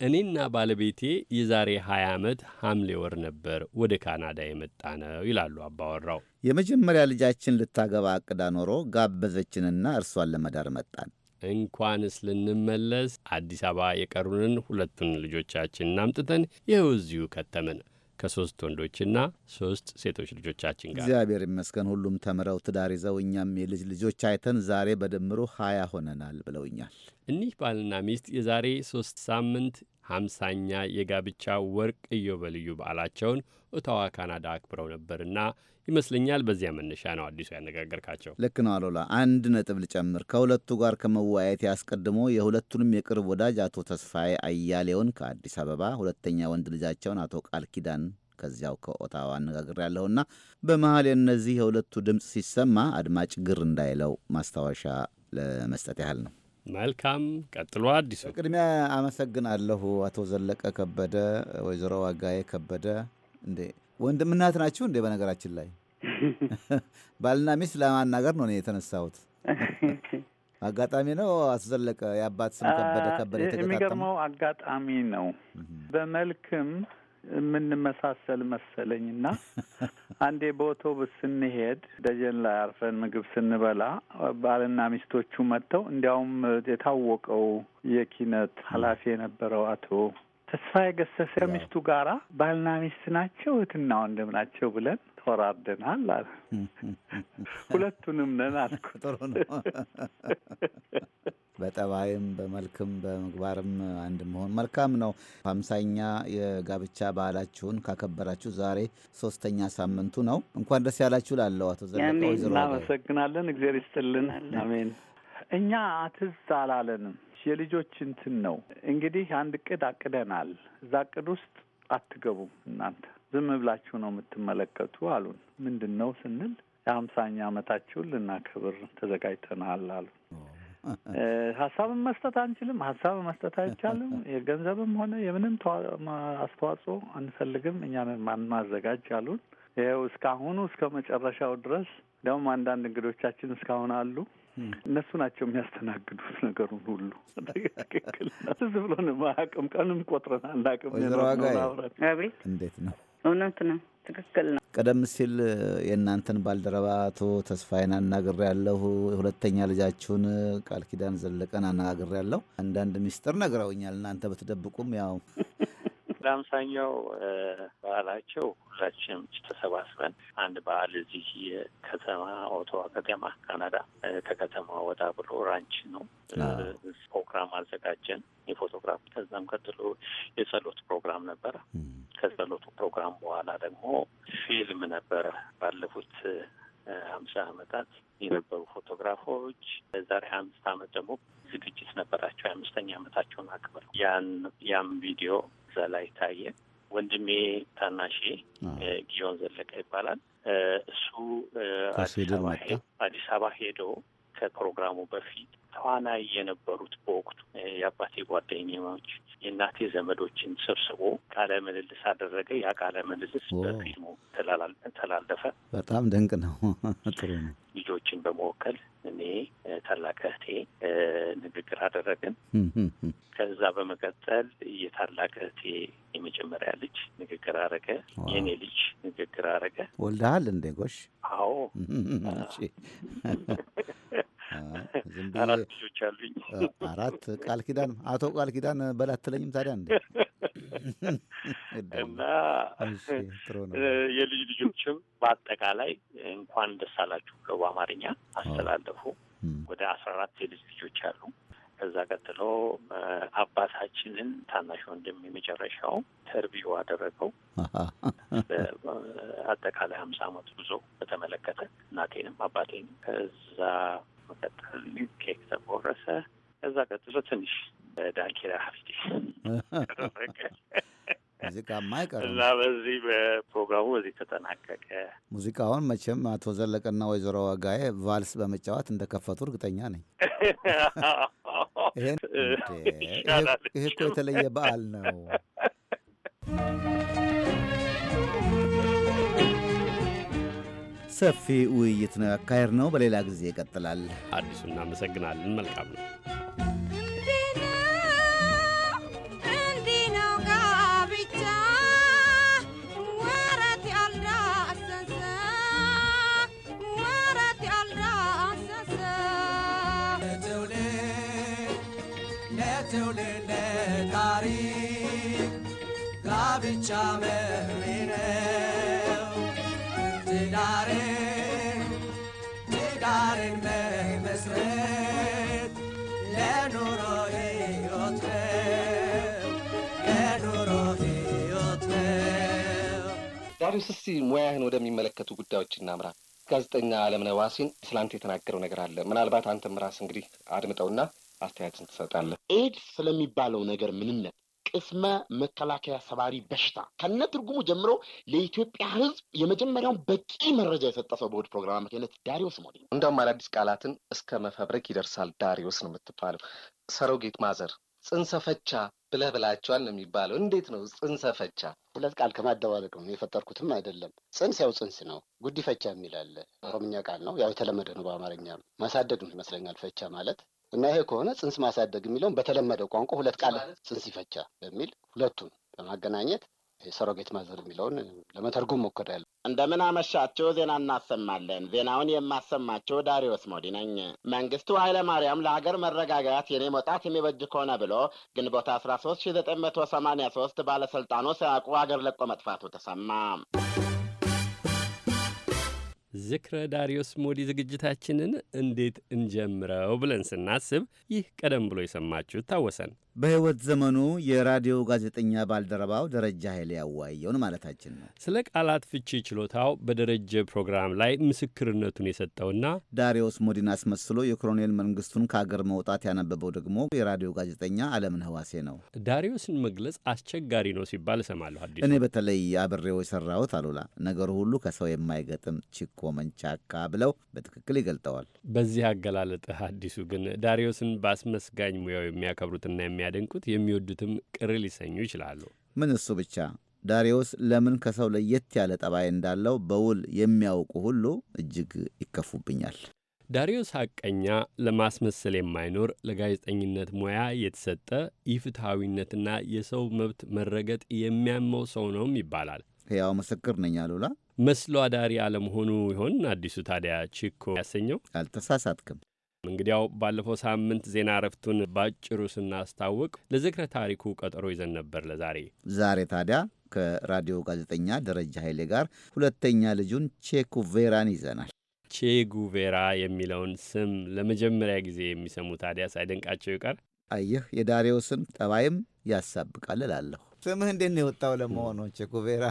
Speaker 3: እኔና ባለቤቴ የዛሬ 20 ዓመት ሐምሌ ወር ነበር ወደ ካናዳ የመጣ ነው ይላሉ አባወራው።
Speaker 2: የመጀመሪያ ልጃችን ልታገባ አቅዳ ኖሮ ጋበዘችንና እርሷን ለመዳር መጣን።
Speaker 3: እንኳንስ ልንመለስ አዲስ አበባ የቀሩንን ሁለቱን ልጆቻችን አምጥተን ይኸው እዚሁ ከተምን ከሶስት ወንዶችና ሶስት ሴቶች ልጆቻችን ጋር
Speaker 2: እግዚአብሔር ይመስገን ሁሉም ተምረው ትዳር ይዘው እኛም የልጅ ልጆች አይተን ዛሬ በድምሩ ሀያ ሆነናል ብለውኛል።
Speaker 3: እኒህ ባልና ሚስት የዛሬ ሦስት ሳምንት ሀምሳኛ የጋብቻ ወርቅ በልዩ በዓላቸውን ኦታዋ ካናዳ አክብረው ነበርና ይመስለኛል በዚያ መነሻ ነው አዲሱ ያነጋገርካቸው።
Speaker 2: ልክ ነው አሉላ። አንድ ነጥብ ልጨምር። ከሁለቱ ጋር ከመወያየት ያስቀድሞ የሁለቱንም የቅርብ ወዳጅ አቶ ተስፋዬ አያሌውን ከአዲስ አበባ፣ ሁለተኛ ወንድ ልጃቸውን አቶ ቃል ኪዳን ከዚያው ከኦታዋ አነጋግር ያለሁና በመሀል የእነዚህ የሁለቱ ድምፅ ሲሰማ አድማጭ ግር እንዳይለው ማስታወሻ ለመስጠት ያህል ነው። መልካም ቀጥሎ አዲሱ። ቅድሚያ አመሰግናለሁ አቶ ዘለቀ ከበደ፣ ወይዘሮ ዋጋዬ ከበደ። እንዴ ወንድምናት ናችሁ እንዴ? በነገራችን ላይ ባልና ሚስት ለማናገር ነው የተነሳሁት። አጋጣሚ ነው አቶ ዘለቀ። የአባት ስም ከበደ ከበደ የሚገርመው
Speaker 5: አጋጣሚ ነው። በመልክም የምንመሳሰል መሰለኝ እና አንዴ በአውቶቡስ ስንሄድ ደጀን ላይ አርፈን ምግብ ስንበላ ባልና ሚስቶቹ መጥተው እንዲያውም የታወቀው የኪነት ኃላፊ የነበረው አቶ ተስፋዬ ገሰሰ ከሚስቱ ጋራ ባልና ሚስት ናቸው፣ እህትና ወንድም ናቸው ብለን ተኮራርደናል አለ። ሁለቱንም ነን አልኩ። ጥሩ ነው።
Speaker 2: በጠባይም በመልክም በምግባርም አንድ መሆን መልካም ነው። ሀምሳኛ የጋብቻ በዓላችሁን ካከበራችሁ ዛሬ ሶስተኛ ሳምንቱ ነው። እንኳን ደስ ያላችሁ ላለው አቶ ዘ
Speaker 5: እናመሰግናለን። እግዜር ይስጥልን። አሜን። እኛ አትዝ አላለንም። የልጆች እንትን ነው እንግዲህ አንድ እቅድ አቅደናል። እዛ እቅድ ውስጥ አትገቡም እናንተ ዝም ብላችሁ ነው የምትመለከቱ አሉን። ምንድን ነው ስንል የሀምሳኛ አመታችሁን ልናከብር ተዘጋጅተናል አሉ። ሀሳብን መስጠት አንችልም፣ ሀሳብ መስጠት አይቻልም፣ የገንዘብም ሆነ የምንም አስተዋጽኦ አንፈልግም፣ እኛ ማናዘጋጅ አሉን። ይኸው እስካሁኑ እስከ መጨረሻው ድረስ እንዲያውም አንዳንድ እንግዶቻችን እስካሁን አሉ። እነሱ ናቸው የሚያስተናግዱት
Speaker 2: ነገሩን ሁሉ ትክክል።
Speaker 5: ትዝ ብሎን አያውቅም። ቀንም ቆጥረን አናውቅም።
Speaker 10: አብሬት እንዴት ነው እውነት ነው። ትክክል ነው።
Speaker 2: ቀደም ሲል የእናንተን ባልደረባ አቶ ተስፋዬን አናግሬ ያለሁ። ሁለተኛ ልጃችሁን ቃል ኪዳን ዘለቀን አናግሬ ያለሁ። አንዳንድ ሚስጥር ነግረውኛል። እናንተ ብትደብቁም ያው
Speaker 9: ለአምሳኛው በዓላቸው ሁላችንም ተሰባስበን አንድ በዓል እዚህ ከተማ ኦቶዋ ከተማ ካናዳ ከከተማ ወጣ ብሎ ራንች ነው ፕሮግራም አዘጋጀን። የፎቶግራፍ ከዛም ቀጥሎ የጸሎት ፕሮግራም ነበረ። ከጸሎቱ ፕሮግራም በኋላ ደግሞ ፊልም ነበረ ባለፉት ሀምሳ አመታት የነበሩ ፎቶግራፎች ዛሬ አምስት አመት ደግሞ ዝግጅት ነበራቸው የአምስተኛ አመታቸውን አክብረው ያን ያም ቪዲዮ እዛ ላይ ታየ። ወንድሜ ታናሼ ጊዮን ዘለቀ ይባላል። እሱ አዲስ አበባ ሄዶ ከፕሮግራሙ በፊት ተዋናይ የነበሩት በወቅቱ የአባቴ ጓደኞች፣ የእናቴ ዘመዶችን ሰብስቦ ቃለ ምልልስ አደረገ። ያ ቃለ ምልልስ በፊልሙ ተላለፈ።
Speaker 2: በጣም ድንቅ ነው። ጥሩ ነው።
Speaker 9: ልጆችን በመወከል እኔ ታላቅ እህቴ ንግግር አደረግን። ከዛ በመቀጠል የታላቅ እህቴ የመጀመሪያ ልጅ ንግግር አረገ። የእኔ ልጅ ንግግር አረገ።
Speaker 2: ወልደሃል እንዴ? ጎሽ። አዎ
Speaker 9: አራት ልጆች አሉኝ።
Speaker 2: አራት ቃል ኪዳን አቶ ቃል ኪዳን በላትለኝም ታዲያ እንዴ
Speaker 9: እና የልጅ ልጆችም በአጠቃላይ እንኳን ደስ አላችሁ ብለው በአማርኛ አስተላለፉ። ወደ አስራ አራት የልጅ ልጆች አሉ። ከዛ ቀጥሎ አባታችንን ታናሽ ወንድም የመጨረሻው ተርቢው አደረገው። አጠቃላይ ሀምሳ አመት ጉዞ በተመለከተ እናቴንም አባቴንም ከዛ መቀጠል ኬክ ተቆረሰ። ከዛ ቀጥሎ ትንሽ ዳንኪራ ሀፍቲ
Speaker 2: ሙዚቃ ማይቀር እና
Speaker 9: በዚህ በፕሮግራሙ በዚህ ተጠናቀቀ።
Speaker 2: ሙዚቃውን መቼም አቶ ዘለቀና ወይዘሮ ዋጋዬ ቫልስ በመጫወት እንደከፈቱ እርግጠኛ ነኝ። ይሄ እኮ የተለየ በዓል ነው። ሰፊ ውይይት ነው ያካሄድ ነው። በሌላ ጊዜ ይቀጥላል። አዲሱ እናመሰግናለን። መልካም ነው።
Speaker 8: እስቲ ሙያህን ወደሚመለከቱ ጉዳዮች እናምራ።
Speaker 11: ጋዜጠኛ አለምነ ዋሲን ትላንት የተናገረው ነገር አለ። ምናልባት አንተም ራስ እንግዲህ አድምጠውና አስተያየትን ትሰጣለህ። ኤድስ ስለሚባለው ነገር ምንነት ቅስመ መከላከያ ሰባሪ በሽታ ከነ ትርጉሙ ጀምሮ ለኢትዮጵያ ሕዝብ የመጀመሪያውን በቂ መረጃ የሰጠ ሰው
Speaker 2: በእሑድ ፕሮግራም አማካኝነት ዳሪዎስ ሞዴ። እንደውም አዳዲስ ቃላትን እስከ መፈብረክ ይደርሳል ዳሪዎስ ነው የምትባለው። ሰሮጌት ማዘር፣ ጽንሰ ፈቻ፣ ብለህ ብላቸዋል ነው የሚባለው። እንዴት ነው ጽንሰ
Speaker 4: ፈቻ? ሁለት ቃል ከማደባለቅ ነው የፈጠርኩትም አይደለም። ጽንስ ያው ጽንስ ነው። ጉዲ ፈቻ የሚል አለ። ኦሮምኛ ቃል ነው፣ ያው የተለመደ ነው። በአማርኛ ማሳደግ ነው ይመስለኛል ፈቻ ማለት እና ይሄ ከሆነ ጽንስ ማሳደግ የሚለውን በተለመደ ቋንቋ ሁለት ቃል ጽንስ ይፈቻ በሚል ሁለቱን በማገናኘት የሰሮጌት ማዘር የሚለውን ለመተርጎም ሞከረ ያለ። እንደምን አመሻችሁ። ዜና እናሰማለን። ዜናውን የማሰማቸው ዳሪዮስ ሞዲ ነኝ። መንግስቱ ማርያም ለሀገር መረጋጋት
Speaker 2: የኔ መውጣት የሚበጅ ከሆነ ብሎ ግንቦት 13 1983 ባለስልጣኑ ሳያውቁ ሀገር ለቆ መጥፋቱ ተሰማ።
Speaker 3: ዝክረ ዳሪዮስ ሞዲ ዝግጅታችንን እንዴት እንጀምረው ብለን ስናስብ ይህ ቀደም ብሎ የሰማችሁ ታወሰን።
Speaker 2: በሕይወት ዘመኑ የራዲዮ ጋዜጠኛ ባልደረባው ደረጃ ኃይሌ ያዋየውን ማለታችን ነው።
Speaker 3: ስለ ቃላት ፍቺ ችሎታው በደረጀ ፕሮግራም ላይ ምስክርነቱን የሰጠውና
Speaker 2: ዳሪዎስ ሞዲን አስመስሎ የኮሎኔል መንግስቱን ከአገር መውጣት ያነበበው ደግሞ የራዲዮ ጋዜጠኛ አለምን ህዋሴ ነው።
Speaker 3: ዳሪዮስን መግለጽ አስቸጋሪ ነው ሲባል እሰማለሁ። አዲሱ እኔ
Speaker 2: በተለይ አብሬው የሰራሁት አሉላ ነገሩ ሁሉ ከሰው የማይገጥም ችኮ መንቻካ ብለው በትክክል ይገልጠዋል።
Speaker 3: በዚህ አገላለጥህ አዲሱ ግን ዳሪዮስን በአስመስጋኝ ሙያው የሚያከብሩትና የሚያደንቁት የሚወዱትም ቅር ሊሰኙ ይችላሉ።
Speaker 2: ምን እሱ ብቻ ዳሪዎስ ለምን ከሰው ለየት ያለ ጠባይ እንዳለው በውል የሚያውቁ ሁሉ እጅግ ይከፉብኛል።
Speaker 3: ዳሪዮስ ሐቀኛ፣ ለማስመሰል የማይኖር ለጋዜጠኝነት ሙያ የተሰጠ ኢፍትሐዊነትና የሰው መብት መረገጥ የሚያመው ሰው ነውም ይባላል።
Speaker 2: ሕያው ምስክር ነኝ አሉላ
Speaker 3: መስሎ አዳሪ አለመሆኑ ይሆን አዲሱ ታዲያ ችኮ ያሰኘው?
Speaker 2: አልተሳሳትክም።
Speaker 3: እንግዲያው ባለፈው ሳምንት ዜና እረፍቱን ባጭሩ ስናስታውቅ ለዝክረ ታሪኩ ቀጠሮ ይዘን ነበር ለዛሬ።
Speaker 2: ዛሬ ታዲያ ከራዲዮ ጋዜጠኛ ደረጃ ኃይሌ ጋር ሁለተኛ ልጁን ቼኩቬራን ይዘናል።
Speaker 3: ቼጉቬራ የሚለውን ስም ለመጀመሪያ ጊዜ የሚሰሙ ታዲያ ሳይደንቃቸው
Speaker 2: ይቀር? አየህ፣ የዳሬው ስም ጠባይም ያሳብቃል እላለሁ። ስምህ እንዴት ነው የወጣው ለመሆኑ? ቼኩቬራ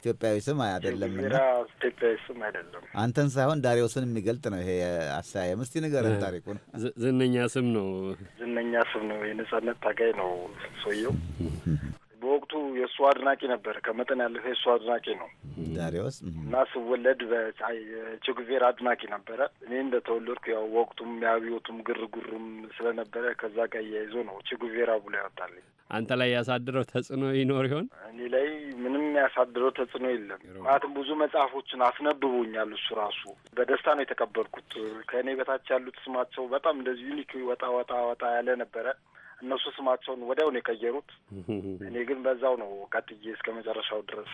Speaker 2: ኢትዮጵያዊ ስም አይደለም። ኢትዮጵያዊ ስም አይደለም። አንተን ሳይሆን ዳሪዎስን የሚገልጥ ነው ይሄ አሰያየም። እስቲ ንገረን ታሪኩን።
Speaker 3: ዝነኛ ስም ነው።
Speaker 8: ዝነኛ ስም ነው። የነጻነት ታጋይ ነው ሰውየው በወቅቱ የእሱ አድናቂ ነበረ። ከመጠን ያለፈ የእሱ አድናቂ ነው ዳሪዎስ እና ስወለድ በችግዜር አድናቂ ነበረ። እኔ እንደተወለድኩ ያው ወቅቱም የአብዮቱም ግርግሩም ስለነበረ ከዛ ጋር እያይዞ ነው ችግዜር አቡላ ያወጣልኝ።
Speaker 3: አንተ ላይ ያሳድረው ተጽዕኖ ይኖር ይሆን?
Speaker 8: እኔ ላይ ምንም ያሳድረው ተጽዕኖ የለም። ማለትም ብዙ መጽሐፎችን አስነብቦኛል። እሱ ራሱ በደስታ ነው የተቀበልኩት። ከእኔ በታች ያሉት ስማቸው በጣም እንደዚህ ዩኒክ ወጣ ወጣ ወጣ ያለ ነበረ እነሱ ስማቸውን ወዲያው ነው የቀየሩት። እኔ ግን በዛው ነው ቀጥዬ እስከ መጨረሻው ድረስ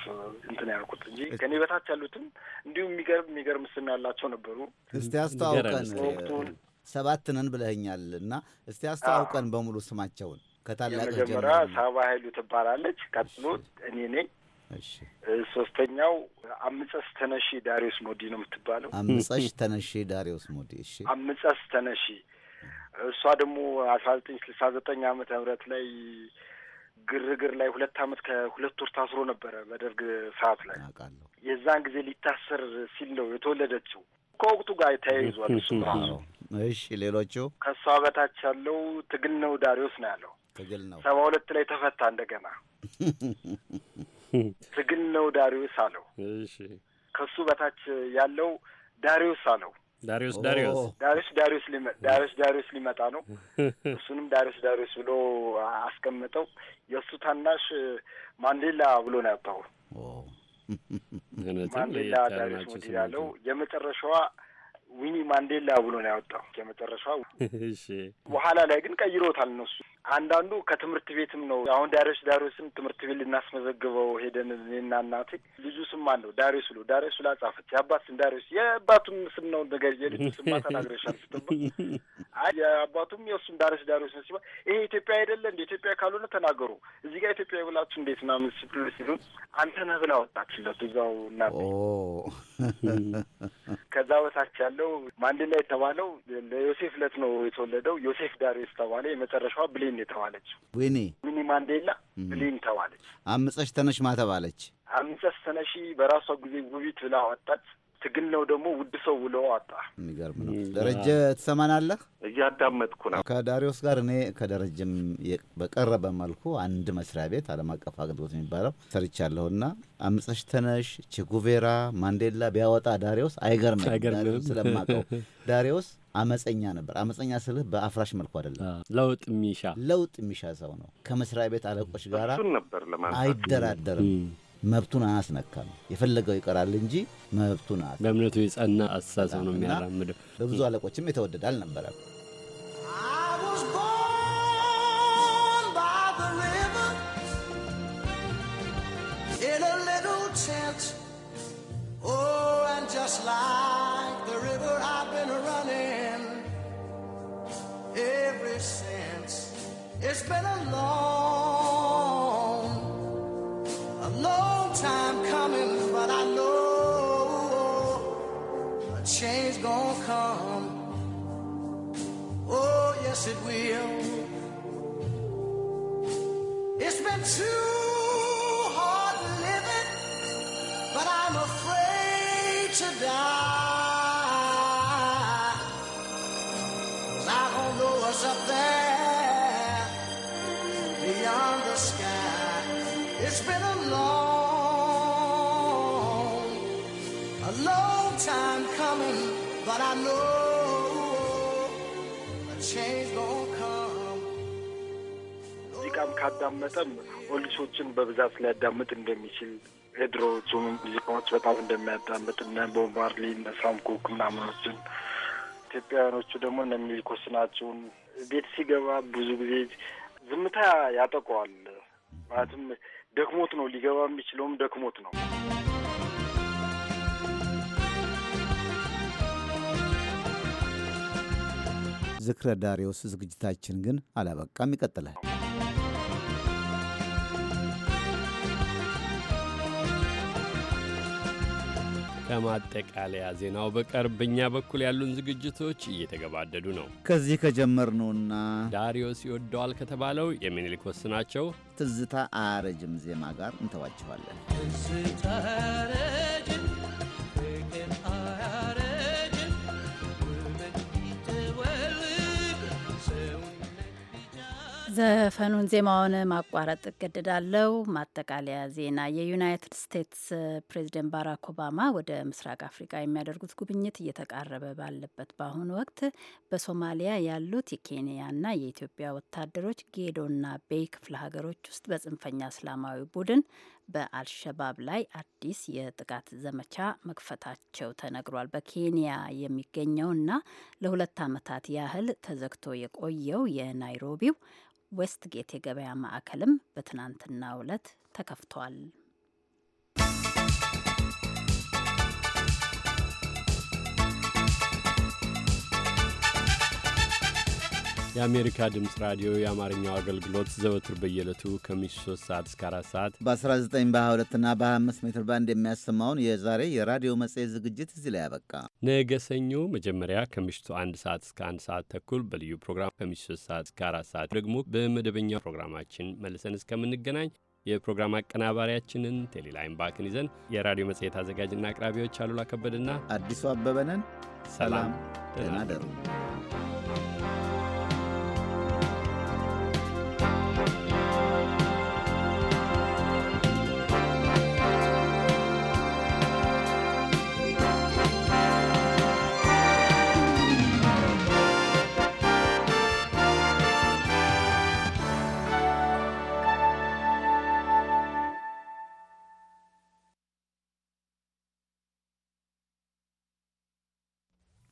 Speaker 8: እንትን ያልኩት እንጂ ከእኔ በታች ያሉትም እንዲሁም የሚገርም የሚገርም ስም ያላቸው ነበሩ።
Speaker 2: እስቲ አስተዋውቀን፣ ወቅቱን ሰባት ነን ብለኸኛል እና እስቲ አስተዋውቀን በሙሉ ስማቸውን ከታላቅ መጀመሪያ
Speaker 8: ሳባ ኃይሉ ትባላለች። ቀጥሎ እኔ ነኝ። ሶስተኛው አምፀስ ተነሺ ዳሪዎስ ሞዲ ነው የምትባለው። አምጸሽ
Speaker 2: ተነሺ ዳሪዎስ ሞዲ። እሺ
Speaker 8: አምፀስ ተነሺ እሷ ደግሞ አስራ ዘጠኝ ስልሳ ዘጠኝ ዓመተ ምህረት ላይ ግርግር ላይ ሁለት አመት ከሁለት ወር ታስሮ ነበረ በደርግ ሰዓት ላይ የዛን ጊዜ ሊታሰር ሲል ነው የተወለደችው። ከወቅቱ ጋር ተያይዟል እሱ
Speaker 2: እሺ ሌሎቹ
Speaker 8: ከእሷ በታች ያለው ትግል ነው ዳሪዎስ ነው ያለው ትግል ነው። ሰባ ሁለት ላይ ተፈታ እንደገና ትግል ነው ዳሪዎስ አለው። ከሱ በታች ያለው ዳሪዎስ አለው
Speaker 3: ዳሪዮስ ዳሪዮስ
Speaker 8: ዳሪዮስ ዳሪዮስ ዳሪዮስ ዳሪዮስ ሊመጣ ነው። እሱንም ዳሪዮስ ዳሪዮስ ብሎ አስቀምጠው የእሱ ታናሽ ማንዴላ ብሎ ነው ያጣው።
Speaker 3: ማንዴላ ዳሪዮስ ሙዲ ያለው
Speaker 8: የመጨረሻዋ ዊኒ ማንዴላ ብሎ ነው ያወጣው። የመጨረሻዋ በኋላ ላይ ግን ቀይሮታል ነው እሱ አንዳንዱ ከትምህርት ቤትም ነው። አሁን ዳሬስ ዳሬስም ትምህርት ቤት ልናስመዘግበው ሄደን እኔና እናቴ ልጁ ስም አለው ዳሬስ ብሎ ዳሬስ ብላ ጻፈች። የአባት ስም ዳሬስ የአባቱም ስም ነው ነገር የልጁ ስማ ተናግረሻል ስትባል አይ የአባቱም የእሱም ዳሬስ ዳሬስ ነው ሲባል ይሄ ኢትዮጵያ አይደለ እንደ ኢትዮጵያ ካልሆነ ተናገሩ እዚህ ጋር ኢትዮጵያ ብላችሁ እንዴት ምናምን ስትል ሲሉ አንተ ነህ ብላ ወጣችለት እዛው እናቴ። ከዛ በታች ያለው ማንዴላ የተባለው ለዮሴፍ ለት ነው የተወለደው ዮሴፍ ዳሬስ ተባለ የመጨረሻዋ ብሌን ዊኒ ተዋለች። ዊኒ ዊኒ ማንዴላ ብሊን ተዋለች።
Speaker 2: አምፀሽ ተነሽ ማ ተባለች።
Speaker 8: አምፀሽ ተነሺ በራሷ ጊዜ ውቢት ብላ ወጣች። ትግል ነው ደግሞ
Speaker 5: ውድ ሰው ውሎ አጣ።
Speaker 2: የሚገርም ነው። ደረጀ ትሰማናለህ?
Speaker 5: እያዳመጥኩ
Speaker 2: ነው። ከዳሪዎስ ጋር እኔ ከደረጀም በቀረበ መልኩ አንድ መስሪያ ቤት ዓለም አቀፍ አገልግሎት የሚባለው ሰርቻለሁና አምፀሽ ተነሽ፣ ቼጉቬራ፣ ማንዴላ ቢያወጣ ዳሪዎስ አይገርምም ስለማቀው ዳሪዎስ አመፀኛ ነበር። አመፀኛ ስልህ በአፍራሽ መልኩ አይደለም። ለውጥ የሚሻ ለውጥ የሚሻ ሰው ነው። ከመስሪያ ቤት አለቆች ጋር አይደራደርም። መብቱን አያስነካም። የፈለገው ይቀራል እንጂ መብቱን አ በእምነቱ የጸና አስተሳሰብ ነው የሚያራምደው። በብዙ አለቆችም የተወደደ አልነበረም።
Speaker 1: Oh, and just like the river I've been running ever since. It's been a long, a long time coming, but I know a change gonna come. Oh, yes, it will. It's been too It's been a long, a long time coming, but I know a change gonna
Speaker 8: come. ሙዚቃም ካዳመጠም በብዛት ሊያዳምጥ እንደሚችል የድሮዎቹ ሙዚቃዎች በጣም እንደሚያዳምጥ እነ ቦብ ማርሊ እነ ሳም ኮክ ምናምኖችን ኢትዮጵያውያኖቹ ደግሞ እነ ሚልኮስ ናቸውን ቤት ሲገባ ብዙ ጊዜ ዝምታ ያጠቀዋል። ማለትም ደክሞት ነው ሊገባ የሚችለውም ደክሞት ነው።
Speaker 2: ዝክረ ዳሪዎስ ዝግጅታችን ግን አላበቃም፣ ይቀጥላል። ከማጠቃለያ ዜናው
Speaker 3: በቀር በእኛ በኩል ያሉን ዝግጅቶች እየተገባደዱ ነው።
Speaker 2: ከዚህ ከጀመርነውና
Speaker 3: ዳሪዮስ ይወደዋል ከተባለው የሚኒሊክ ወስናቸው
Speaker 2: ትዝታ አያረጅም ዜማ ጋር እንተዋችኋለን።
Speaker 7: ዘፈኑን ዜማውን ማቋረጥ እገደዳለው። ማጠቃለያ ዜና። የዩናይትድ ስቴትስ ፕሬዚደንት ባራክ ኦባማ ወደ ምስራቅ አፍሪካ የሚያደርጉት ጉብኝት እየተቃረበ ባለበት በአሁኑ ወቅት በሶማሊያ ያሉት የኬንያና የኢትዮጵያ ወታደሮች ጌዶና ቤይ ክፍለ ሀገሮች ውስጥ በጽንፈኛ እስላማዊ ቡድን በአልሸባብ ላይ አዲስ የጥቃት ዘመቻ መክፈታቸው ተነግሯል። በኬንያ የሚገኘውና ለሁለት ዓመታት ያህል ተዘግቶ የቆየው የናይሮቢው ዌስትጌት የገበያ ማዕከልም በትናንትናው ዕለት ተከፍቷል።
Speaker 3: የአሜሪካ ድምፅ ራዲዮ የአማርኛው አገልግሎት ዘወትር በየዕለቱ ከምሽቱ 3 ሰዓት እስከ 4 ሰዓት በ19
Speaker 2: በ22 ና በ25 ሜትር ባንድ የሚያሰማውን የዛሬ የራዲዮ መጽሔት ዝግጅት እዚህ ላይ ያበቃ።
Speaker 3: ነገ ሰኞ መጀመሪያ ከምሽቱ 1 ሰዓት እስከ 1 ሰዓት ተኩል በልዩ ፕሮግራም፣ ከምሽቱ 3 ሰዓት እስከ 4 ሰዓት ደግሞ በመደበኛ ፕሮግራማችን መልሰን እስከምንገናኝ የፕሮግራም አቀናባሪያችንን ቴሌላይም ባክን ይዘን የራዲዮ መጽሔት አዘጋጅና አቅራቢዎች አሉላ ከበድና አዲሱ
Speaker 2: አበበነን ሰላም ደህና ደሩ።